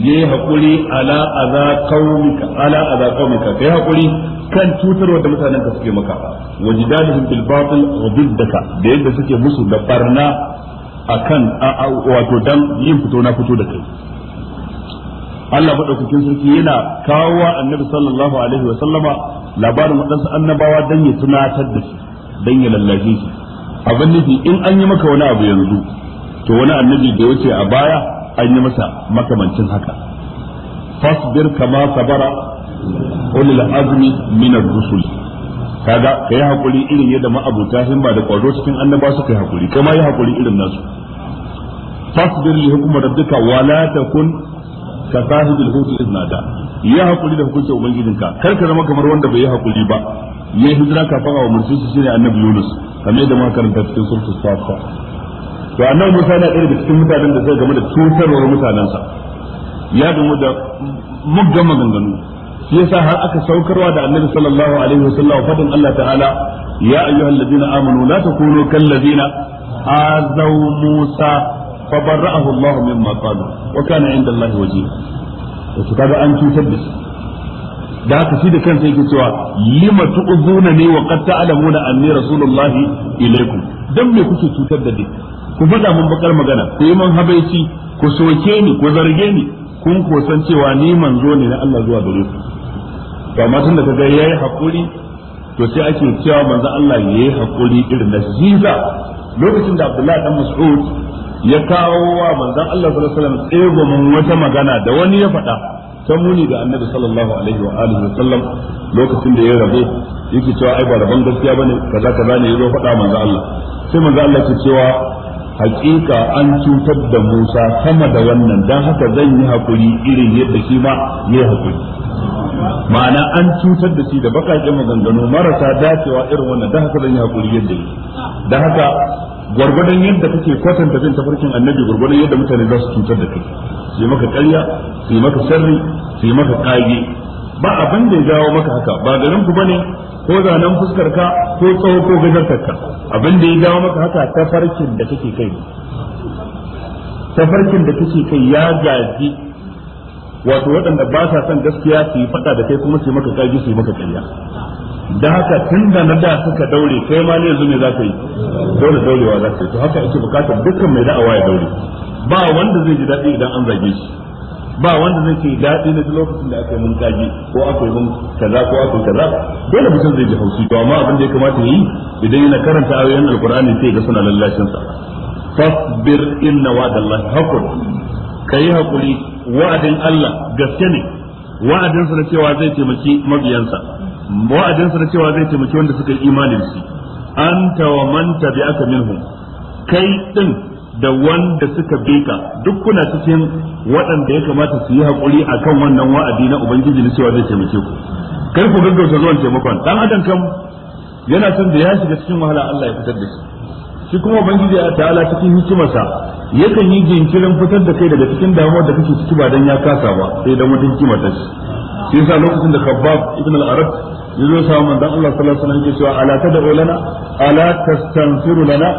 yayi haƙuri ala aza qaumika ala aza qaumika kai hakuri kan cutarwa da mutanen ka suke maka wajidaluhum bil batil wa daka da yadda suke musu da barna akan wato dan yin fito na fito da kai Allah madaukakin sarki yana kawo wa annabi sallallahu alaihi wa sallama labarin waɗansu annabawa dan ya tunatar da shi dan ya lallace shi abin nufi in an yi maka wani abu yanzu to wani annabi da wuce a baya an yi masa makamancin haka fasbir kama sabara قل azmi من الرسل rusul kaga kai hakuri irin yadda ma'abuta ba da kwazo cikin annaba suka yi hakuri kai ma yi hakuri irin nasu fasbir li hukuma rabbika wala takun ka sahibil hutu iznada yi hakuri da hukuncin ubangijinka kar ka zama kamar wanda bai yi hakuri ba ya hijira fara wa mursi su shine annabi Yunus kamar yadda ma karanta cikin suratul Safa to annabi Musa na da daga cikin mutanen da sai game da tutarwar mutanensa ya dumu da muggan maganganu shi yasa har aka saukarwa da annabi sallallahu alaihi wasallam fadin Allah ta'ala ya ayyuhal ladina amanu la takunu kal ladina azaw musa fa barra'ahu Allah mimma qalu wa kana 'inda Allah wajiha to kaga an cutar da shi da haka shi da kansa yake cewa lima tu'zuna ni wa qad ta'lamuna anni rasulullahi ilaikum dan me kuke cutar da ni ku faɗa mun bakar magana ku yi man habaici ku soke ni ku zarge ni kun kosan cewa ni manzo ne na Allah zuwa gare ku to amma tun da ka ga yayi hakuri to sai ake cewa manzo Allah yayi hakuri irin na ziza lokacin da Abdullahi dan Mas'ud ya kawo wa manzo Allah sallallahu alaihi wasallam tsegumin wata magana da wani ya faɗa ta muni ga Annabi sallallahu alaihi wa alihi wasallam lokacin da ya rabo yake cewa ai ba rabon gaskiya bane kaza kaza ne ya zo faɗa manzo Allah sai manzo Allah ke cewa hakika an cutar da Musa sama da wannan dan haka zan yi hakuri irin yadda shi ma ya yi hakuri ma'ana an cutar da shi da bakaƙen maganganu marasa dacewa irin wannan dan haka zan yi hakuri yadda yake dan haka gwargwadon yadda kake kwatanta bin tafarkin annabi gwargwadon yadda mutane za su cutar da kai su yi maka ƙarya su yi maka sarri, su yi maka kage ba abin da ya jawo maka haka ba garin ku bane ko zanen fuskar ka ko tsawo ko gajarta ka abin da ya dawo maka haka tafarkin da kake kai farkin da kake kai ya gaji wato waɗanda ba sa son gaskiya su yi faɗa da kai kuma su yi maka kaji su yi maka ƙarya da haka tun da na da suka daure kai ma ne yanzu ne za ka yi dole daurewa za ka yi to haka ake bukatar dukkan mai da'awa ya daure ba wanda zai ji daɗi idan an zage shi ba wanda zai ce daɗi na lokacin da aka yi mun kage ko aka yi mun kaza ko aka yi kaza dole mutum zai ji haushi to amma abin da ya kamata yi idan yana karanta ayoyin alkur'ani sai ga suna lallashin sa fasbir inna wa'dallahi haqqun kai haƙuri wa'adin Allah gaske ne wa'adin sa na cewa zai taimaki mabiyansa wa'adin sa na cewa zai taimaki wanda suka yi imanin shi anta wa man tabi'aka minhum kai din da wanda suka bika duk kuna cikin waɗanda ya kamata su yi haƙuri akan wannan wa'adi na ubangiji na cewa zai taimake ku kar ku gaggauta zuwan taimakon dan adam kan yana son da ya shiga cikin wahala Allah ya fitar da shi shi kuma ubangiji ya ta'ala cikin hikimarsa yakan yi jinkirin fitar da kai daga cikin damuwa da kake ciki ba dan ya kasa ba sai dan wata hikimar ta shi shi yasa lokacin da Khabbab ibn al-Arab ya zo samu manzon Allah sallallahu alaihi wasallam yake cewa ala tad'u lana ala tastanfiru lana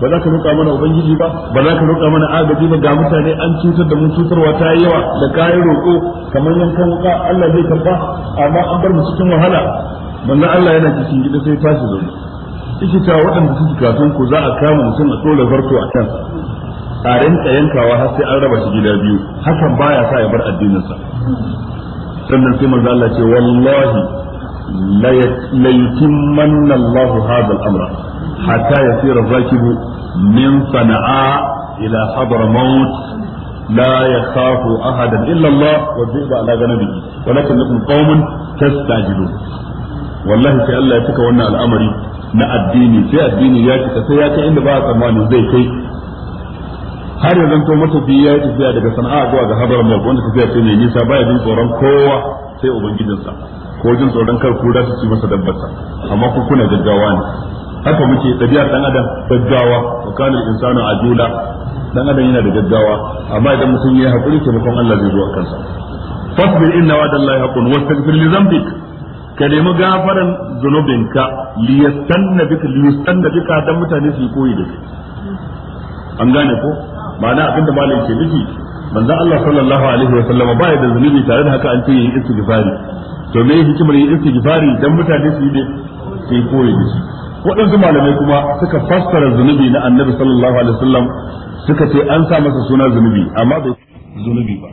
ba za ka roƙa mana ubangiji ba ba za ka roƙa mana agaji ba ga mutane an cutar da mun cutarwa ta yawa da kayan roƙo kamar yankan wuka Allah zai karba amma an bar mu cikin wahala manzo Allah yana cikin gida sai tashi zaune yake ta waɗanda suke kafin ku za a kama mutum a tsola zarto a kan a rinka yankawa har sai an raba shi gida biyu hakan baya sa ya bar addininsa sannan sai manzo Allah ce wallahi la yutimmanna Allahu hadha al-amra hatta yasira zakibu min sana'a ila hadramaut لا يخاف أحدا إلا الله والذئب على غنمه ولكن نحن قوم تستعجلون والله sai Allah ya cika wannan al'amari na addini sai addini ya cika sai ya kai inda ba a tsammanin zai kai har yanzu zanto matafi ya yi tafiya daga sana'a zuwa ga hadar mai wanda tafiya ce mai nisa baya jin tsoron kowa sai ubangijinsa ko jin tsoron kar da su ci masa dabbarsa amma ku kuna gaggawa ne haka muke ɗabi'ar dan adam gaggawa wa kana al-insanu ajula dan adam yana da gaggawa amma idan mutum yayi hakuri mukan Allah zai zo akan sa fasbir inna wa'dallahi haqqun wastaghfir li dhanbik ka nemi gafaran zunubinka liyastanna bika yastanna bika dan mutane su koyi da kai an gane ko ma'ana abinda malam ke nufi manzo Allah sallallahu alaihi wa sallama ba da zunubi tare da haka an ce yin istighfari to me hikimar yin istighfari dan mutane su yi da su koyi da shi waɗansu malamai kuma suka fassara zunubi na annabi sallallahu alaihi wasallam suka ce an sa masa suna zunubi amma bai zunubi ba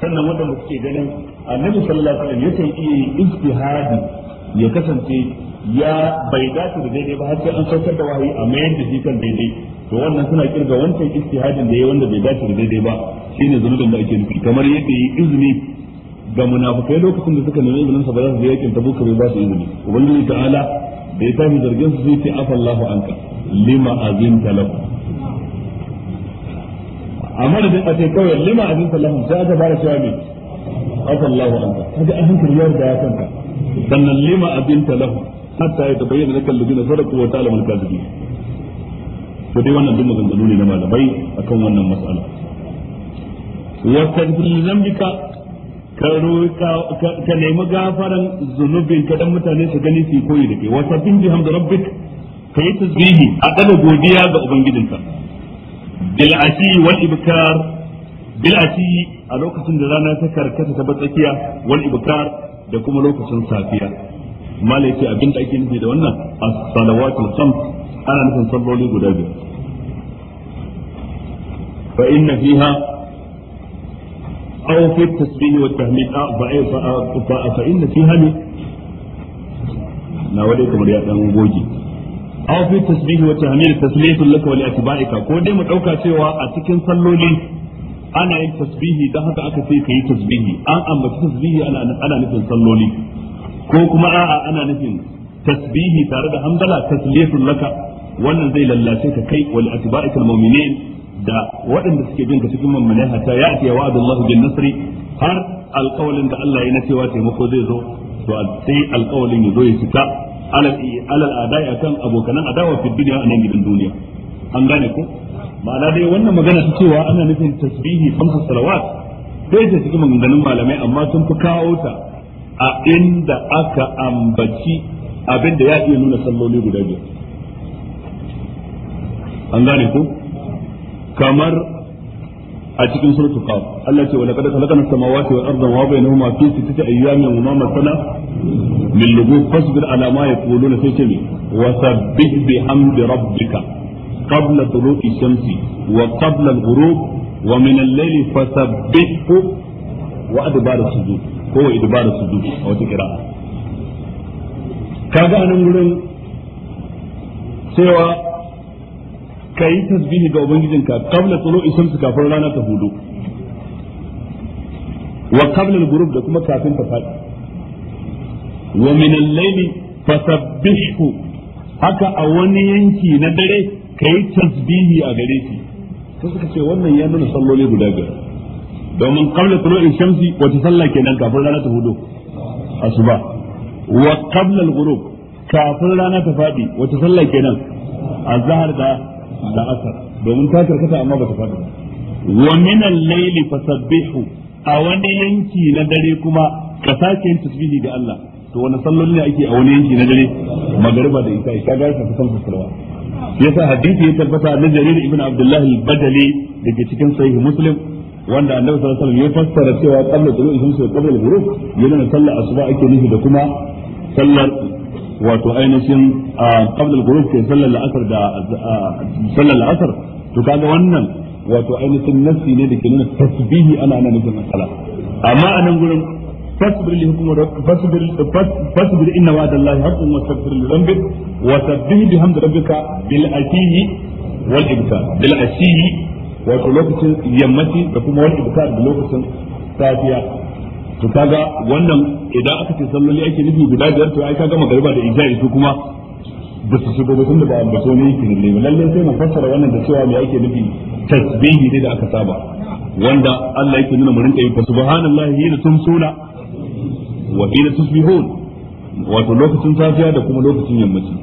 sannan waɗanda suke ganin annabi sallallahu alaihi wasallam yakan iya ijtihadi ya kasance ya bai dace da daidai ba har sai an saukar da wahayi a mayar da shi kan daidai to wannan suna kirga wancan ijtihadin da yayi wanda bai dace da daidai ba shine zunubin da ake nufi kamar yadda yi izini ga munafikai lokacin da suka nemi izinin sa ba za su je yakin tabuka bai ba su izini ubangiji ta'ala da ya tafi zargin su sai ce afallahu anka lima azinta lahu amma da a ce kawai lima azinta lahu sai aka fara cewa me afallahu anka kaga a hankali ya riga ya kanka sannan lima azinta lahu hatta ya to dai wannan duk maganganu ne na malamai akan wannan matsala wa zambika ka nemi gafaran zunubin ka dan mutane su gani su koyi da ke, wata sabbin bi hamd rabbik ka yi tasbihi a dana godiya ga ubangijinka bil ashi wal ibkar bil ashi a lokacin da rana ta karkata ta batsakiya wal ibkar da kuma lokacin safiya malai ce abin da ake nufi da wannan as salawatu sam ana nufin salloli guda biyar fa inna fiha أو في التسبيح والتحميد فإن فيها من na wadai kamar ya dan goge aw fi tasbih wa tahmid taslih lak wa li atba'ika ko dai mu dauka cewa a cikin salloli ana yin tasbihi dan haka aka ce kai tasbihi an ambaci tasbihi ana ana nufin salloli ko kuma a'a ana nufin tasbihi tare da hamdala taslih laka wannan zai lallace ka kai wa li atba'ika almu'minin da waɗanda suke bin ka cikin mummunai hatta ya ake wa'adullahu bin nasri har alƙawalin da Allah ya na cewa taimako zai zo to sai alƙawalin ya zo ya cika alal ya akan abokanan adawa fi dunya a nan gidan duniya an gane ko ma'ana dai wannan magana ta cewa ana nufin tasbihi khamsa salawat sai ta cikin maganganun malamai amma sun fi kawo ta a inda aka ambaci da ya iya nuna salloli guda biyar an gane ko kamar a cikin suratul qaf Allah ce wa laqad khalaqna as-samawati wal arda wa bainahuma fi sittati ayyamin wa ma masana min lubub fasbir ala ma yaquluna gurin cewa Ka yi tasbihi ga ubangijinka tsoro isin shamsi kafin rana ta hudu wa qabla al-ghurub da kuma kafin ta fadi wa min al-layli fasabbihu haka a wani yanki na dare ka yi tasbihi a gare shi to suka ce wannan ya nuna salloli guda biyar domin tsoro in shamsi wata salla kenan kafin rana ta hudu asuba wa qabla al-ghurub kafin rana ta fadi wata salla kenan azhar da da asar domin ta karkata amma ba ta fada ba wa min al-layli fasabbihu a wani yanki na dare kuma ka sake yin tasbihi ga Allah to wani salloli ne ake a wani yanki na dare magariba da isha ka ga ka san fasarwa yasa hadisi ya tabbata na jarir ibn abdullah al-badali daga cikin sahih muslim wanda annabi sallallahu alaihi wasallam ya fassara cewa qabla tulu'i shamsi wa qabla al-ghurub yana sallar asuba ake nufi da kuma sallar wato ainihin qabla al-ghurub ke sallar al-asr da sallar al to kaga wannan wato ainihin nafsi ne da ke nuna tasbihi ana ana nufin masala amma a nan gurin فاصبر لحكم ربك فاصبر فاصبر ان وعد الله حق واستغفر لذنبك وسبح بحمد ربك بالعشي والابكار بالعشي wato lokacin yammaci da kuma wani ibkar da lokacin safiya to kaga wannan idan aka ce salloli ake nufi guda biyar to ai ka gama garba da isha'i su kuma ba su shigo ba tun da ba ambato ne yake lalle ba lalle sai mu fassara wannan da cewa me ake nufi tasbihi ne da aka saba wanda Allah yake nuna mu rinka yi fa subhanallahi hina tumsuna wa hina tusbihun wato lokacin safiya da kuma lokacin yammaci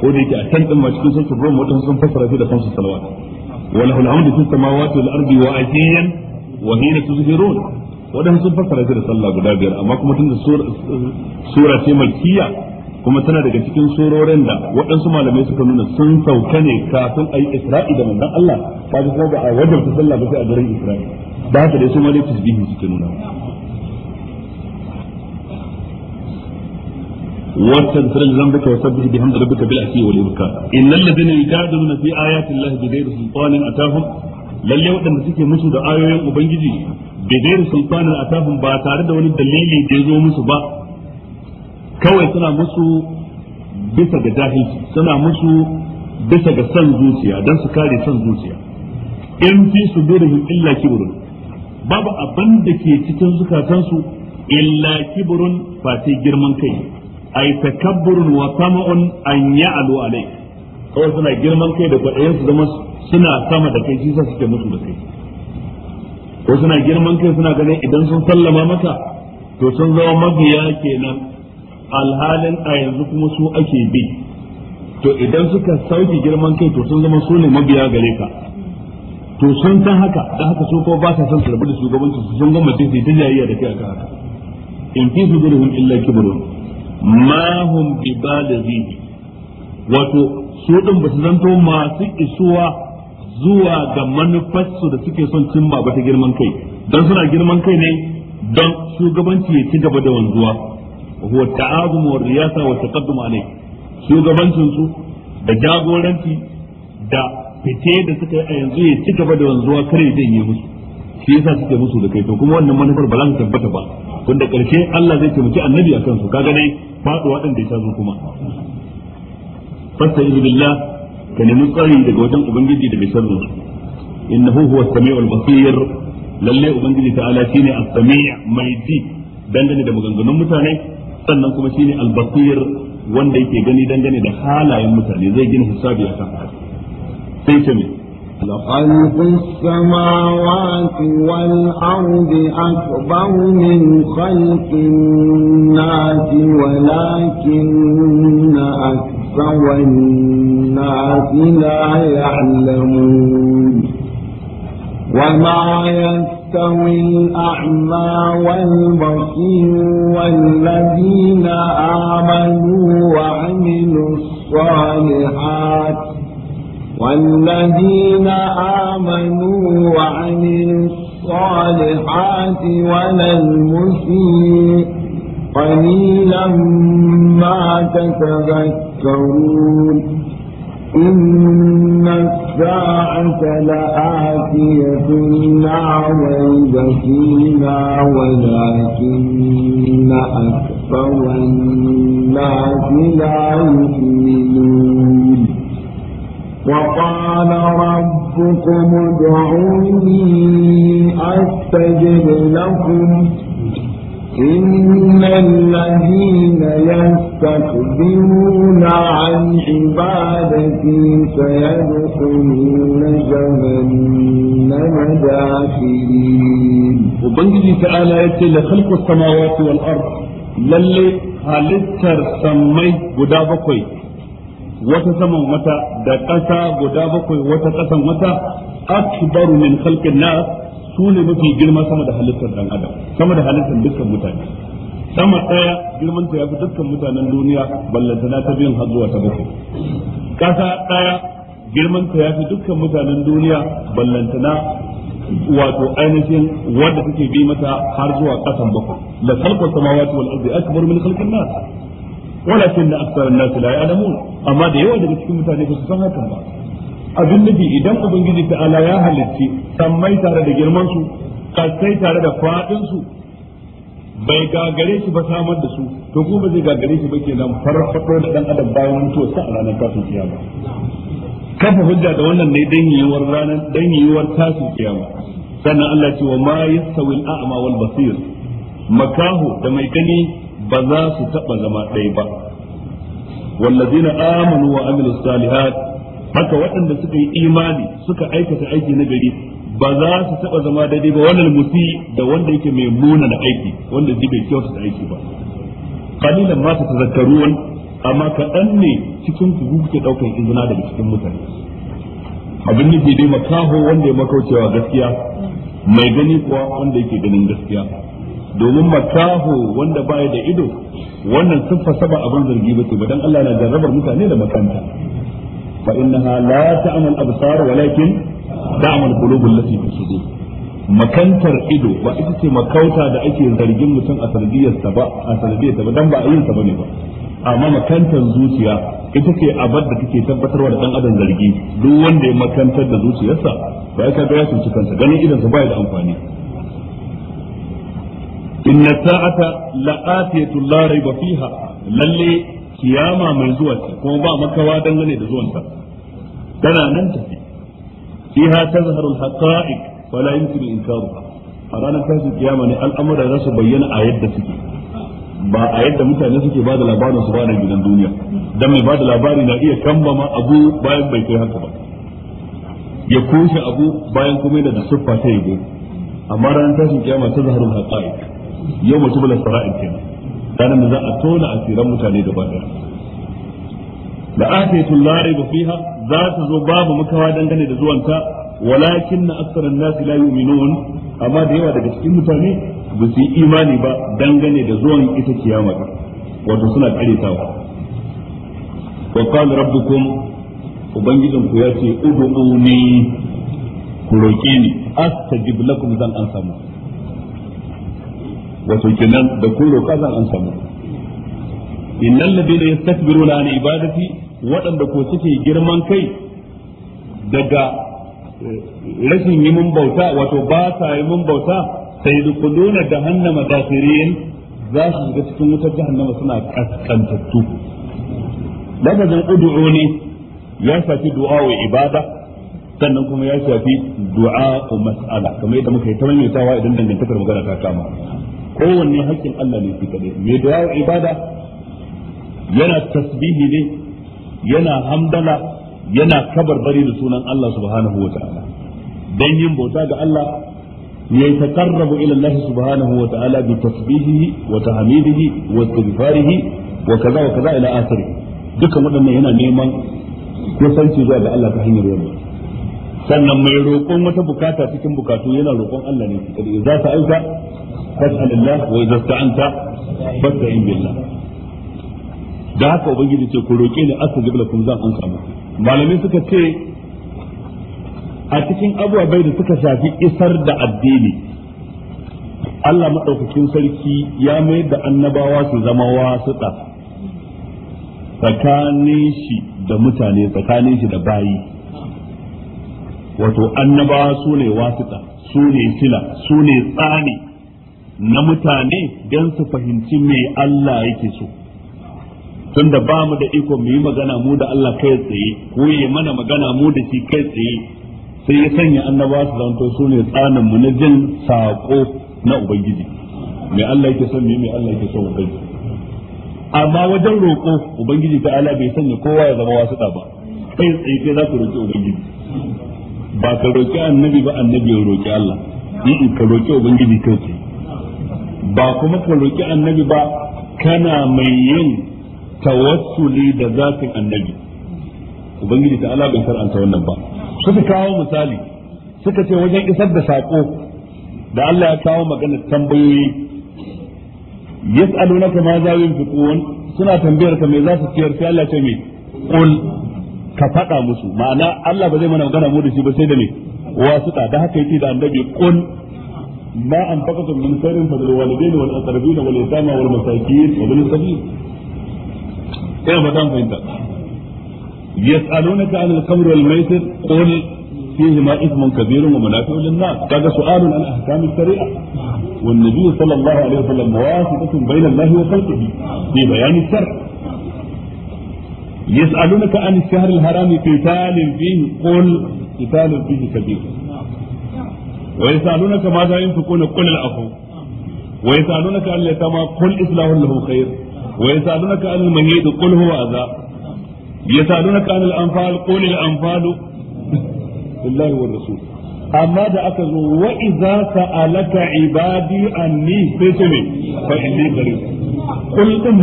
ko da yake a can din ma cikin sunan Rum wata sun fassara shi da kansu salawat wa lahul hamdu fis samawati wal ardi wa ajiyan wa hina tuzhirun waɗansu sun fassara shi da sallah guda biyar amma kuma tun da sura ce makkiya kuma tana daga cikin surorin da waɗansu malamai suka nuna sun sauka ne kafin a yi isra'i da manzon Allah ba ta kuma ba a wajen su sallah ba sai a daren isra'i ba haka dai su ma dai tasbihin suke nuna Wannan واستغفر لذنبك وسبح بحمد ربك بالعشي والإبكار إن الذين يجادلون في آيات الله بغير سلطان أتاهم lalle waɗanda suke musu da ayoyin ubangiji da sultana a tafin ba tare da wani dalili da ya zo musu ba kawai suna musu bisa ga jahilci suna musu bisa ga son zuciya don su kare son zuciya in fi su durihim illa kibrun babu abin da ke cikin zukatansu illa kibrun face girman kai ay takabburun wa tama'un an ya'lu alai kawai suna girman kai da kwaɗayen su zama suna sama da kai shi sa suke mutu da kai ko suna girman kai suna ganin idan sun sallama mata, to sun zama mabiya kenan alhalin a yanzu kuma su ake bi to idan suka sauke girman kai to sun zama su ne mabiya gare ka to sun san haka da haka su ko ba sa son su da shugabanci su sun gama mutum sai ta jayayya da kai akan haka in fi sudurihim illa kibrun ma hum bibalihi wato su din ba su zanto masu isuwa zuwa ga manufarsu da suke son cimma ba ta girman kai don suna girman kai ne don shugabanci ya ci gaba da wanzuwa wa ta'azumu wa riyasa wa taqaddum alai shugabancin su da jagoranci da fite da suka yi a yanzu ya ci gaba da wanzuwa kare zai yi musu shi yasa suke musu da kai to kuma wannan manufar ba za ta tabbata ba wanda karshe Allah zai taimaki annabi akan su kaga dai faduwa din da ya zo kuma Fasta billah ka nemi tsari daga wajen ubangiji daga sharrin su innahu huwa samiul basir lalle ubangiji ta'ala shine as-sami' mai ji dangane da maganganun mutane sannan kuma shine al-basir wanda yake gani dangane da halayen mutane zai gina hisabi akan haka sai ce me لخلق السماوات والأرض أكبر من خلق الناس ولكن أكبر والناس لا يعلمون وما يستوي الأعمى والبصير والذين آمنوا وعملوا الصالحات والذين آمنوا وعملوا الصالحات ولا المسيء قليلا ما تتذكرون تذكرون إن الساعة لآتية لا ريب فيها ولكن أكثر الناس لا يؤمنون وقال ربكم ادعوني أستجب لكم إن الذين يستكبرون عن عبادتي سيدخلون جهنم داخلين وبنجي تعالى يتلى خلق السماوات والأرض للي halittar sammai guda bakwai wata saman wata da ƙasa guda bakwai wata ƙasan wata akbaru min khalqin nas su ne mafi girma sama da halittar dan adam sama da halittar dukkan mutane sama daya girman ta yafi dukkan mutanen duniya ballantana ta biyan har zuwa ta bakwai kasa daya girman ta yafi dukkan mutanen duniya ballantana wato ainihin wadda take bi mata har zuwa kasan bakwai la khalqu samawati wal ardi akbar min khalqin nas walakin aktsara an-nas la ya'lamun amma da yawa daga cikin mutane ba su san hakan ba abin nufi idan ubangiji ta'ala ya halitti sammai tare da girman su kasai tare da fadin su bai gagare shi ba samar da su to kuma zai gagare shi ba kenan farfado da dan adam bayan mutuwa sa a ranar tasin kiyama kafa hujja da wannan ne dan yiwuwar ranar dan yiwuwar tashin kiyama sannan Allah ce wa ma yastawi ama wal basir makahu da mai gani ba za su taba zama ɗaya ba amanu wa وعملوا الصالحات haka waɗanda suka yi imani suka aikata aiki na gari ba za su taɓa zama daidai ba wannan musi da wanda yake mai muna na aiki wanda zai bai kyauta da aiki ba kalilan ma ta tazakkaruwan amma kaɗan ne cikin ku ke ɗaukar izina daga cikin mutane abin da ke dai makaho wanda ya makaucewa gaskiya mai gani kuwa wanda yake ganin gaskiya domin makaho wanda baya da ido wannan sun saba abin zargi ba ce ba don Allah na jarrabar mutane da makanta fa innaha la ta'mal absar walakin ta'mal qulubul lati fi makantar ido ba ita ce makauta da ake zargin mutum a sanadiyarsa ba a sanadiyarsa ba dan ba a yin sa bane ba amma makantar zuciya ita ce abar da take tabbatarwa da dan adam zargi duk wanda ya makantar da zuciyarsa ba ya kaga ya tunci kansa ganin idan sa baya da amfani inna sa'ata la'atiyatu la raiba fiha lalle kiyama mai zuwa ce kuma ba makawa dangane da zuwanta tana nan tafi ta tazharu al-haqa'iq wa la yumkinu inkaruha a ranar tashin kiyama ne al'amuran za su bayyana a yadda suke ba a yadda mutane suke ba da labarin su ba gidan duniya dan mai ba da labari na iya kambama abu bayan bai kai haka ba ya kushe abu bayan kuma yana da siffa ta yabo amma ranar tashin kiyama ta zaharul haqa'iq yau mutum la sara'in kenan ranar da za a tona asiran mutane da daya da ataytu la'iba fiha za ta zo babu mutawa dangane da zuwanta walakin na an-nas la yu'minun amma da yawa daga cikin mutane ba su imani ba dangane da zuwan ita kiyama wato suna karetawa wa qala rabbukum ubangijin ku ya ce ud'uni ku roke ni astajib lakum zan an wato kenan da kun roƙa zan an samu innal ladina yastakbiruna an ibadati waɗanda ko suke girman kai daga eh, rashin yi mun bauta wato ba sa yi mun bauta sai da jahannama dafirin za su shiga cikin wutar jahannama suna kaskantattu lafazin ud'u ne ya shafi du'a wa ibada sannan kuma ya shafi du'a ko mas'ala kamar yadda muka yi ta maimaitawa idan dangantakar magana ta kama kowanne haƙƙin Allah ne shi kadai mai du'a ibada yana tasbihi ne yana hamdala yana kabarbari da sunan Allah subhanahu wa ta'ala dan yin bauta ga Allah ya taqarrabu ila Allah subhanahu wa ta'ala bi tasbihihi wa tahmidihi wa istighfarihi wa kaza wa kaza ila akhirih dukan waɗannan yana neman kusanci zuwa ga Allah ta hanyar wannan sannan mai roƙon wata bukata cikin bukatu yana roƙon Allah ne kadai za ta aika fas'alillah wa idza sta'anta fasta'in billah da haka ubangiji ce ku roke ni astajib lakum zan an samu malamai suka ce a cikin abuwa bai da suka shafi isar da addini Allah maɗaukakin sarki ya mayar da annabawa su zama wasuɗa tsakanin shi da mutane tsakanin shi da bayi wato annabawa su ne wasu wasuɗa su ne sila su ne tsani na mutane don su fahimci me Allah yake so tunda ba mu da iko mu yi magana mu da Allah kai tsaye ko yi mana magana mu da shi kai tsaye sai ya sanya annaba su zanto su ne tsanin mu na jin sako na ubangiji me Allah yake son me me Allah yake son ubangiji amma wajen roƙo ubangiji ta ala bai sanya kowa ya zama wasu ba kai tsaye kai za ku roƙi ubangiji ba ka roƙi annabi ba annabi ya roƙi Allah in ka roƙi ubangiji kai tsaye ba kuma ka roƙi annabi ba kana mai yin tawassuli da zatin annabi ubangiji ta ala bai faranta wannan ba suka kawo misali suka ce wajen isar da sako da Allah ya kawo magana tambayoyi yas'alunaka ma za yunfiqun suna tambayar ka me za su ciyar sai Allah ce me qul ka faɗa musu ma'ana Allah ba zai mana magana mu da shi ba sai da me suka da haka yake da annabi qul ما أنفقتم من خير فللوالدين والأقربين واليتامى والمساكين وابن السبيل إيه مدام فإنت يسألونك عن الخمر والميسر قل فيهما إثم كبير ومنافع للناس هذا سؤال عن أحكام الشريعة والنبي صلى الله عليه وسلم واسطة بين الله وخلقه في بيان الشر يسألونك عن الشهر الحرام قتال فيه قل قتال فيه كبير wa yasalunaka ma za yunfiquna qul al-afu wa yasalunaka an yatama qul islahu lahum khair wa yasalunaka an al-mahid qul huwa adha yasalunaka an al-anfal qul al-anfalu lillahi war rasul amma da aka zo wa idza sa'alaka ibadi sai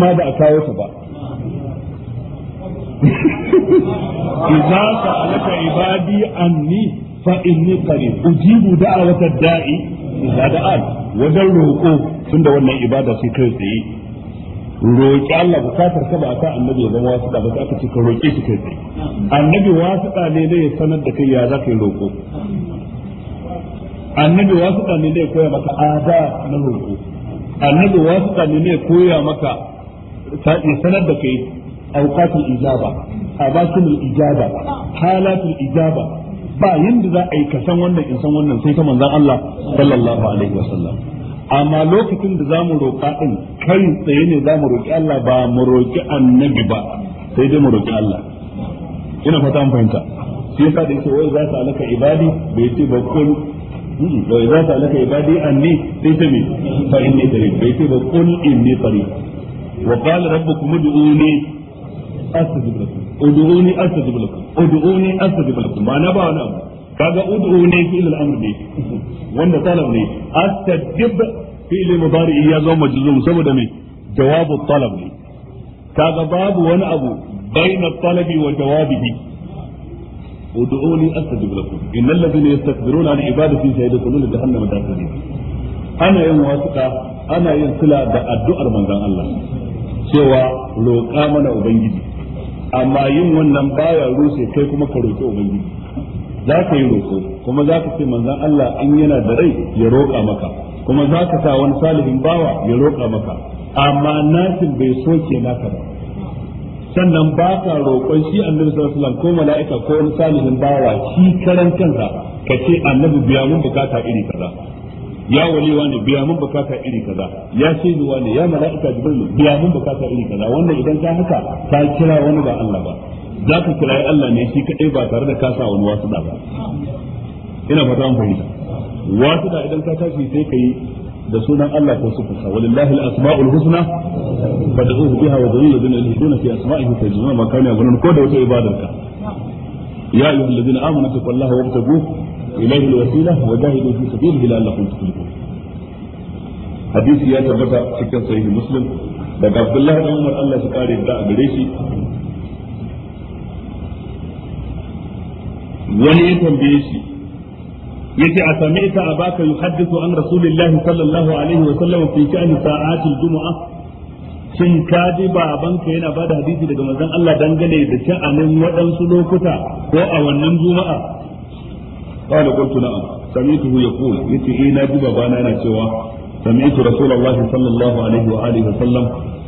ma da ba ibadi anni fa inni qarib ujibu wata da'i idza da'an wajen roƙo tun da wannan ibada ce kai tsaye roƙi Allah bukatar ka ba a kan annabi ya zama ɗa ba aka ce ka roƙe shi kai tsaye annabi wasu ɗa ne da ya sanar da kai ya za ka yi roƙo annabi wasu ɗa ne da ya koya maka ada na roƙo annabi wasu ɗa ne da ya koya maka ya sanar da kai auqatul ijaba abasul ijaba halatul ijaba ba yanda za a yi kasan wannan in san wannan sai ta manzon Allah sallallahu alaihi wasallam amma lokacin da zamu roƙa din kai tsaye ne zamu roƙi Allah ba mu roƙi annabi ba sai dai mu roƙi Allah ina fata an fahimta shi yasa da yake wai za ta alaka ibadi bai ce ba kullu wai za ta alaka ibadi anni sai ta me fa inni qarib bai ce ba kullu inni qarib wa qala rabbukum ud'uni astajib lakum ud'uni astajib lakum ud'uni astajib lakum ma'ana ba wani abu kaga ud'uni fi al-amr ne wanda talab ne astajib fi al-mudari ya zo majzum saboda me jawabu talab ne kaga babu wani abu baina talabi wa jawabihi ud'uni astajib lakum innal ladhina yastakbiruna an ibadati sayadkhuluna jahannama dakhilin ana yin wasuka ana yin sila da addu'ar manzon Allah cewa roƙa mana ubangiji amma yin wannan baya rushe kai kuma ka roƙi ubangiji za ka yi roƙo kuma za ka ce manzan Allah in yana da rai ya roƙa maka kuma za ka sa wani salihin bawa ya roƙa maka amma nasin bai soke naka ba sannan ba ka roƙon shi annabi sallallahu alaihi ko mala'ika ko wani salihin bawa shi karan kansa ka ce annabi biya mun bukata iri kaza ya wali wani biya mun bukata iri kaza ya shehi wani ya mala'ika jibril biya mun bukata iri kaza wannan idan ka haka ka kira wani ba Allah ba za ka kira Allah ne shi kadai ba tare da ka sa wani wasu ba ina fata an fahimta wasu da idan ka tashi sai ka yi da sunan Allah ko sufusa walillahi al-asma'ul husna fad'uhu biha wa ladina fi asma'ihi ma kana yaqulun ko da wata ibadarka ya ayyuhallazina amanu taqullaha wabtagu إليه الوسيلة وجاهدوا في سبيله لعلكم تفلحون حديث يا تبتا سكن صحيح مسلم daga Abdullahi dan Umar Allah su kare da a gare shi wani ya tambaye shi yace a sami'ta abaka yuhaddithu an rasulillahi sallallahu alaihi wa sallam fi sha'ni babanka yana bada hadisi daga manzon Allah dangane da sha'anin waɗansu lokuta ko a wannan juma'a qala qultu na'am sami'tuhu yaqul yace eh na ji babana yana cewa sami'tu rasulullahi sallallahu alaihi wa alihi wa sallam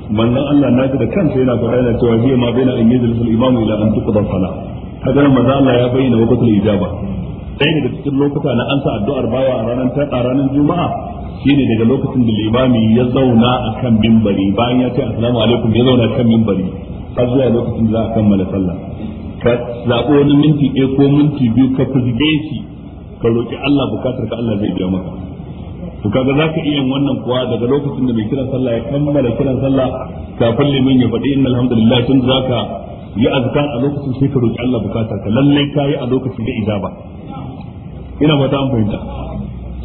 manzon Allah na ji da kansa yana faɗa yana cewa jiya ma baina an yajlis al-imamu ila an tuqda salat kaga manzon Allah ya bayyana waqtul ijaba ɗaya daga cikin lokuta na ansa addu'ar ba a ranar ta ranar juma'a shine daga lokacin da limami ya zauna a kan mimbari bayan ya ce assalamu alaikum ya zauna kan mimbari har zuwa lokacin da za a kammala sallah ka zaɓo wani minti ɗaya ko minti biyu ka fizge shi ka roƙi Allah bukatar ka Allah zai biya maka to kaga zaka iya wannan kuwa daga lokacin da mai kiran sallah ya kammala kiran sallah kafin limin ya faɗi innal hamdulillah tun zaka yi azkar a lokacin sai ka roƙi Allah bukatar ka lalle kai a lokacin da ijaba ina fata an fahimta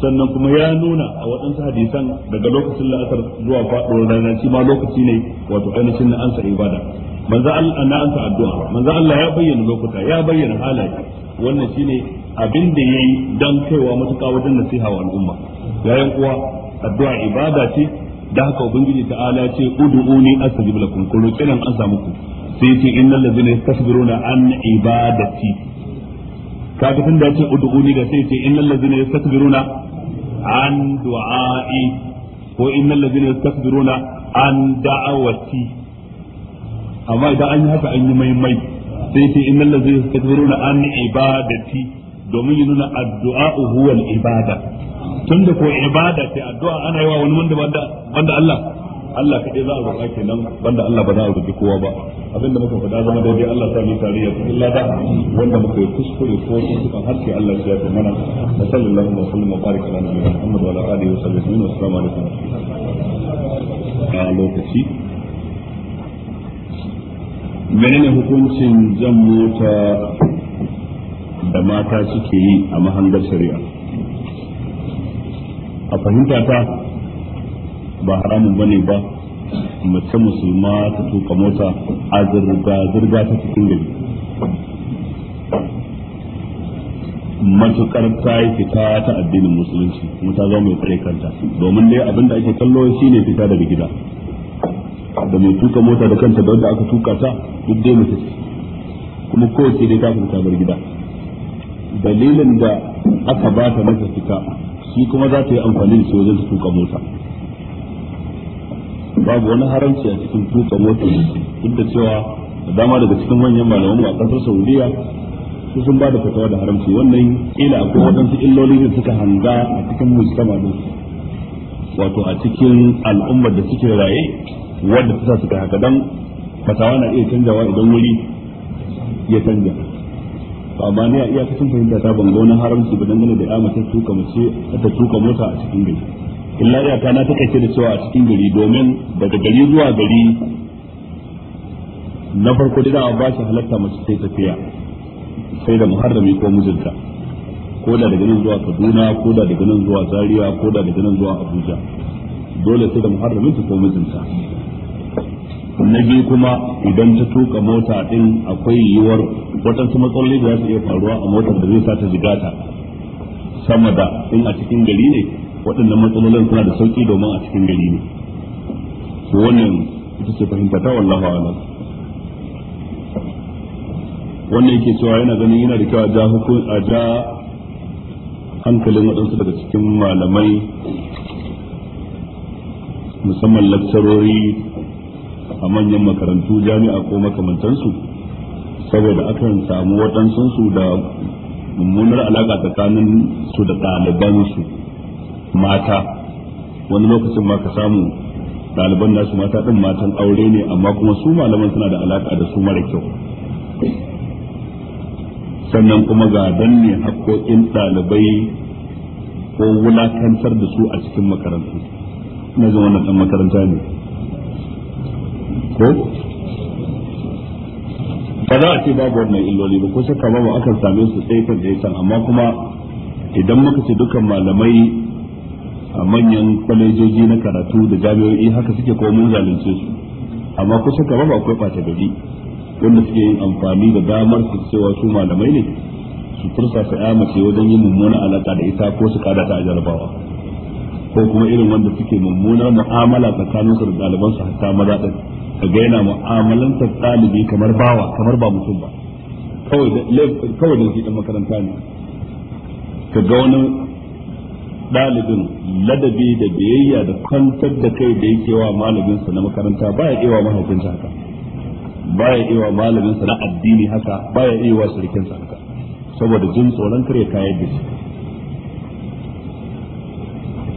sannan kuma ya nuna a waɗansu hadisan daga lokacin la'asar zuwa faɗuwar rana shi ma lokaci ne wato ainihin na ansa ibada manzo Allah na ansa addu'a manzo Allah ya bayyana lokuta ya bayyana halaye wannan shine abin da yayi dan kaiwa matuƙa wajen nasiha wa al'umma yayin kuwa addu'a ibada ce da haka ubangiji ala ce ud'uni astajib lakum ku roki nan an samu ku sai ce innal ladina yastakbiruna an ibadati kaga tun da ce ud'uni da sai ce innal ladina yastakbiruna an du'a'i ko innal ladina yastakbiruna an da'awati amma idan an yi haka an yi maimai sai ce innal ladina yastakbiruna an ibadati domin ya nuna addu'a huwa ibada tunda ko ibada ce addu'a ana yi wani wanda banda Allah Allah kaɗai za a roƙa kenan banda Allah ba za a roƙi kowa ba abin da muka faɗa zama daidai Allah sa mu tare ya kuɗin lada wanda muka yi kuskure ko tuntukan harshe Allah ya fi mana wa sallallahu wa sallam wa baraka ala nabiyina Muhammad wa ala alihi wa sahbihi wa sallam alaikum a lokaci menene hukuncin jan mota da mata suke yi a mahangar shari'a a fahimta ta ba haramun bane ba mace musulma ta tuka mota a zirga-zirga ta cikin gari matukar ta yi fita ta addinin musulunci kuma ta mu yi kanta domin dai abin da ake kallo shi ne fita daga gida da mai tuka mota da kanta da wanda aka tuka ta duk dai mace kuma kowace dai ta fita bar gida dalilin da aka ba ta masa fita shi kuma za ta yi amfani da shi wajen tuka mota babu wani haramci a cikin tuka mota duk da cewa da dama daga cikin manyan malaman a kasar saudiya su sun ba da fatawa da haramci wannan ila akwai waɗansu illoli da suka hanga a cikin mujtama din wato a cikin al'ummar da suke raye wadda ta suka haka dan fatawa na iya canjawa idan wuri ya canja to amma ne a iyakacin fahimta ta ban gona haramci ba dangane da ya mace tuka mace ta tuka mota a cikin gari illa iyaka na takaice da cewa a cikin gari domin daga gari zuwa gari na farko da ba shi halatta mace sai tafiya sai da muharrami ko mijinta ko da daga nan zuwa Kaduna ko da daga nan zuwa Zaria ko da daga nan zuwa Abuja dole sai da muharramin ta ko mijinta na biyu kuma idan ta tuka mota din akwai yiwuwar waɗansu matsaloli da za su iya faruwa a motar da zai sa ta jigata sama da in a cikin gari ne waɗannan matsalolin suna da sauki domin a cikin gari ne wannan ita ce fahimta ta wallahu ala wannan yake cewa yana ganin yana da kyau a ja hukun a ja hankalin waɗansu daga cikin malamai musamman lakcarori a manyan makarantu jami'a ko makamantansu saboda akan samu waɗansunsu da mummunar alaƙa tsakanin su da su mata wani lokacin ma ka samu ɗaliban nasu mata ɗin matan aure ne amma kuma su malaman suna da alaƙa da su mara kyau sannan kuma ga danne haƙoƙin ɗalibai ko wulakantar da su a cikin makarantu na zama wannan ɗan makaranta ne ko ba za a ce babu wannan illoli ba ko kama ba akan same su sai kan da amma kuma idan muka ce dukan malamai a manyan kwalejoji na karatu da jami'o'i haka suke ko mun zalunce su amma ko shakka ba akwai bata gari wanda suke yin amfani da damar su cewa su malamai ne su fursa su ya mace wajen yin mummuna alaka da ita ko su kada ta a jarabawa ko kuma irin wanda suke mummunar mu'amala tsakaninsu da ɗalibansu hatta maza ɗin ga yana ta ɗalibi kamar bawa kamar ba mutum ba kawai da shi ɗan makaranta ne ka ga wani ɗalibin ladabi da biyayya da kwantar da kai da yake wa malaminsa na makaranta baya iya wa mahaifinsa haka baya iya wa malaminsa na addini haka baya iya wa surikinsa haka saboda jin tsoron kare kayan da shi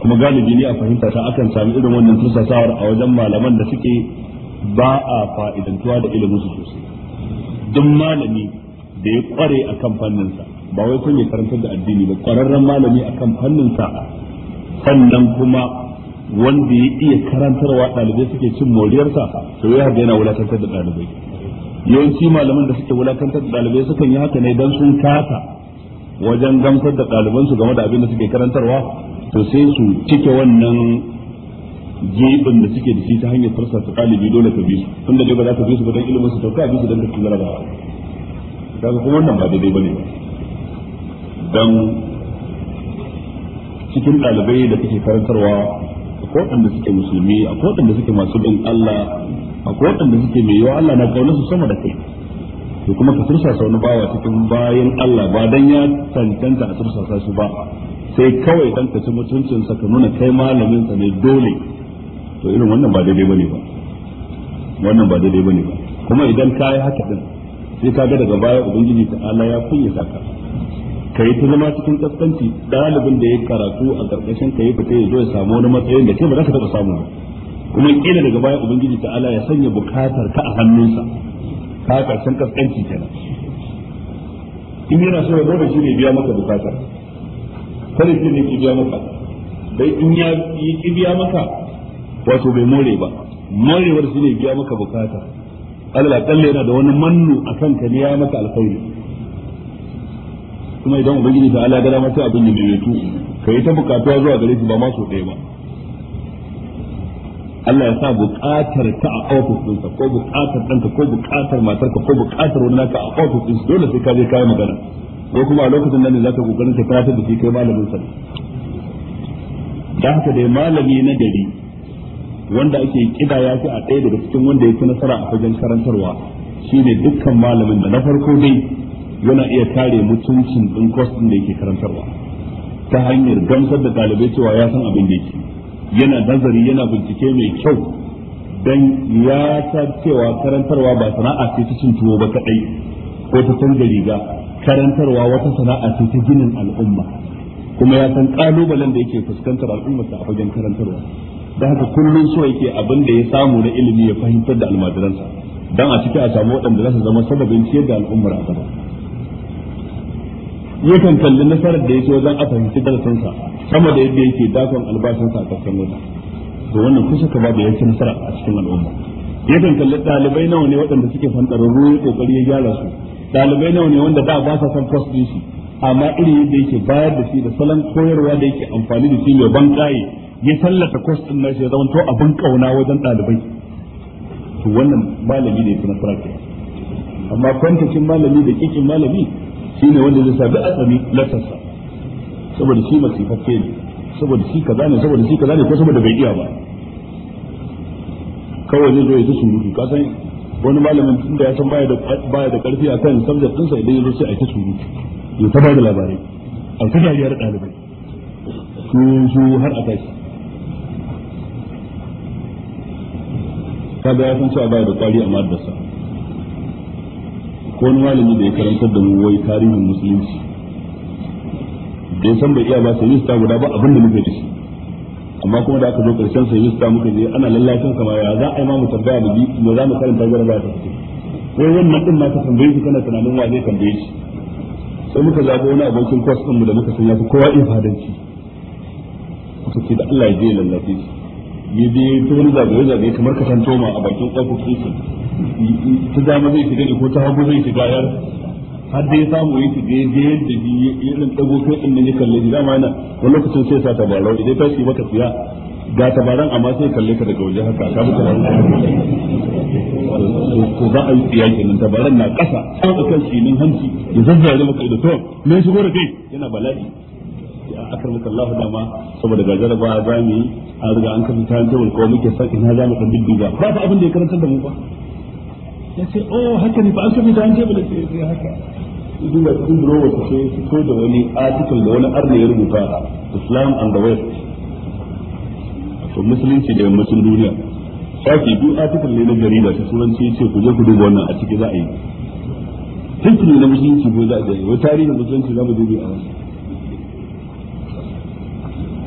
kuma galibi ne a fahimta ta akan sami irin wannan tursasawar a wajen malaman da suke ba a fa'idantuwa da ilimin su sosai duk malami da ya kware akan fannin sa ba wai kun ya karantar da addini ba kwararren malami akan fannin sa sannan kuma wanda ya iya karantarwa ɗalibai suke cin moriyarsa to ya ga yana wulatantar da ɗalibai yawanci malaman da suke wulatantar da ɗalibai sukan yi haka ne don sun kasa wajen gamsar da ɗalibansu game da abin da suke karantarwa to sai su cike wannan gibin da suke da shi ta hanyar farsa su ɗalibi dole ka bi su tunda dai ba za ka bi su ba don ilimin su tauka ka bi su dan ka ci ta ga kuma wannan ba daidai bane Don cikin ɗalibai da suke karantarwa akwai da suke musulmi akwai da suke masu bin Allah akwai da suke mai yawa Allah na kaunar su sama da kai to kuma ka tursa sa wani bawa cikin bayan Allah ba dan ya cancanta a tursa su ba sai kawai dan ka ci mutuncin sa ka nuna kai malamin sa ne dole to irin wannan ba daidai bane ba wannan ba daidai bane ba kuma idan ka yi haka din sai ka ga daga baya ubangiji ta Allah ya kunya saka ka yi ta zama cikin kaskanci ɗalibin da ya karatu a karkashin ka yi fita ya zo ya samu wani matsayin da kai ba za ka taɓa samu ba kuma kila daga baya ubangiji ta Allah ya sanya bukatar ka a hannunsa ka karshen kaskanci kenan in yana so ya shi ne biya maka bukatar kada shi ne ki biya maka dai in ya yi biya maka wato bai more ba morewar ne biya maka bukata Allah kalle yana da wani mannu kan ka ne ya maka alkhairi kuma idan ubangiji ta Allah gara mata abin da tu kai ta bukatuwa zuwa gare shi ba ma so ɗaya ba Allah ya sa bukatar ta a ofis ɗinsa ko bukatar ɗanka ko bukatar matarka ko bukatar wani naka a ofis ɗinsa dole sai ka je kayan magana ko kuma a lokacin nan ne zaka kokarin ka tafi da shi kai malamin sa dan haka dai malami na gari wanda ake kida ya fi a ɗaya daga cikin wanda ya fi nasara a fagen karantarwa ne dukkan malamin da na farko dai yana iya kare mutuncin ɗin kwas da yake karantarwa ta hanyar gamsar da ɗalibai cewa ya san abin da yake yana nazari yana bincike mai kyau don ya san cewa karantarwa ba sana'a ce ta cin tuwo ba kaɗai ko ta canza riga karantarwa wata sana'a ce ta ginin al'umma kuma ya san ƙalubalen da yake fuskantar al'ummarsa a fagen karantarwa da haka kullum so yake abin da ya samu na ilimi ya fahimtar da almajiransa don a ciki a samu waɗanda za su zama sababin ciyar da al'ummar a gaba yakan kalli nasarar da ya sa wajen a fahimci darasinsa sama da yadda yake dakon albashinsa a ƙarshen wata to wannan kusa ka babu yake nasara a cikin al'umma yakan kalli ɗalibai nawa ne waɗanda suke fantararru ya kokari ya gyara su ɗalibai nawa ne wanda da ba sa san kwas ɗin shi amma irin yadda yake bayar da shi da salon koyarwa da yake amfani da shi mai ban ya tallata course na nashi ya zama to abin kauna wajen ɗalibai to wannan malami ne kuma sarki amma kwantacin malami da kikin malami shine wanda zai sabi asami latarsa saboda shi masifaffe ne saboda shi kaza ne saboda shi kaza ne ko saboda bai iya ba kawai zai zo ya ta surutu ka san wani malamin tun da ya san baya da baya da karfi akan subject ɗinsa idan ya zo sai a ta surutu ya ta bada labarai a ta dariyar ɗalibai su su har a tashi kaga ya san cewa baya da kwari a madrasa ko wani malami da ya karantar da mu wai tarihin musulunci da san bai iya ba sai yista guda ba abinda muke da shi amma kuma da aka zo karshen sai yista muke je ana lallacin kamar ya za a yi ma mu tambaya da bi mu za mu karanta ba ta fito wai wannan din ma ka tambaye shi kana tunanin wa zai tambaye shi sai muka zabo wani abokin kwas ɗinmu da muka sanya su kowa ifadanci fadanci kuka ce da Allah ya je lallace shi ya je ta wani zagaye zagaye kamar kasan toma a bakin tsakokin su ta dama zai shiga ne ko ta hagu zai shiga yar har ya samu ya shiga daidai yadda ya irin dago kai din nan ya kalle shi dama yana wani lokacin sai sa tabarau idan ta shi mata fiya ga tabaran amma sai kalle ka daga waje haka ka mutu ko za a yi tsiya kenan tabaran na kasa tsaka kan nan hanci ya zazzare maka ido to me shigo da kai yana bala'i akramaka Allahu dama saboda ga jaraba za mu yi a riga an kafa tayin table ko muke saki na za mu dan diddiga ba ta abin da ya karanta da mu ba ya ce oh haka ne ba an kafa tayin table sai haka idan da cikin burewa ta sai fito da wani article da wani arna ya rubuta Islam and the West to musulunci da yammacin duniya shafi duk article ne na jarida ta sunan ce ku je ku duba wannan a ciki za a yi history na musulunci ko za a yi wai tarihin musulunci za mu dubi a wasu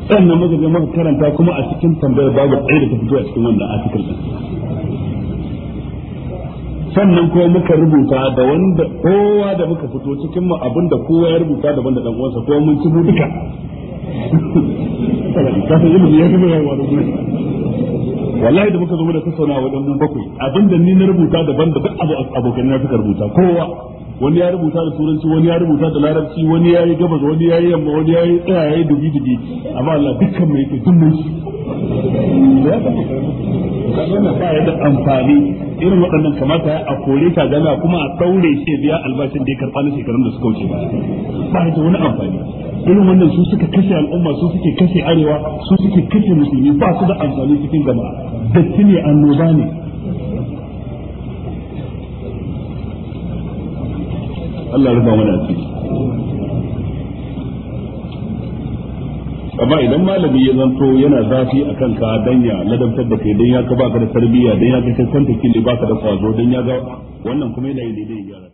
ɗan nan je muka karanta kuma a cikin tambayar babu ɗaya da ta fito a cikin wannan cikin din sannan kuma muka rubuta da wanda kowa da muka fito cikin mu abin da kowa ya rubuta da wanda dan uwansa kowa mun ci duka kafin ilimi ya yawa da wallahi da muka zo da tattauna wajen mun bakwai abin da ni na rubuta daban da duk abokan na suka rubuta kowa wani ya rubuta da turanci wani ya rubuta da larabci wani ya yi gabas wani ya yi yamma wani ya yi tsaya ya yi dubi dubi amma Allah dukkan mai ke dun shi kana ba ya da amfani irin waɗannan kamata a kore ka gana kuma a ɗaure shi biya albashin da ya karɓa na shekarun da suka wuce ba ya da wani amfani irin wannan su suka kashe al'umma su suke kashe arewa su suke kashe musulmi ba su da amfani cikin jama'a datti ne annoba ne Allah ya rufa mana asiri amma idan malami ya zanto yana zafi a kanka dan ya ladabtar da kai dan ya ka baka da tarbiyya dan ya ka kai kwanta kili baka da kwazo dan ya ga wannan kuma yana yin daidai gyara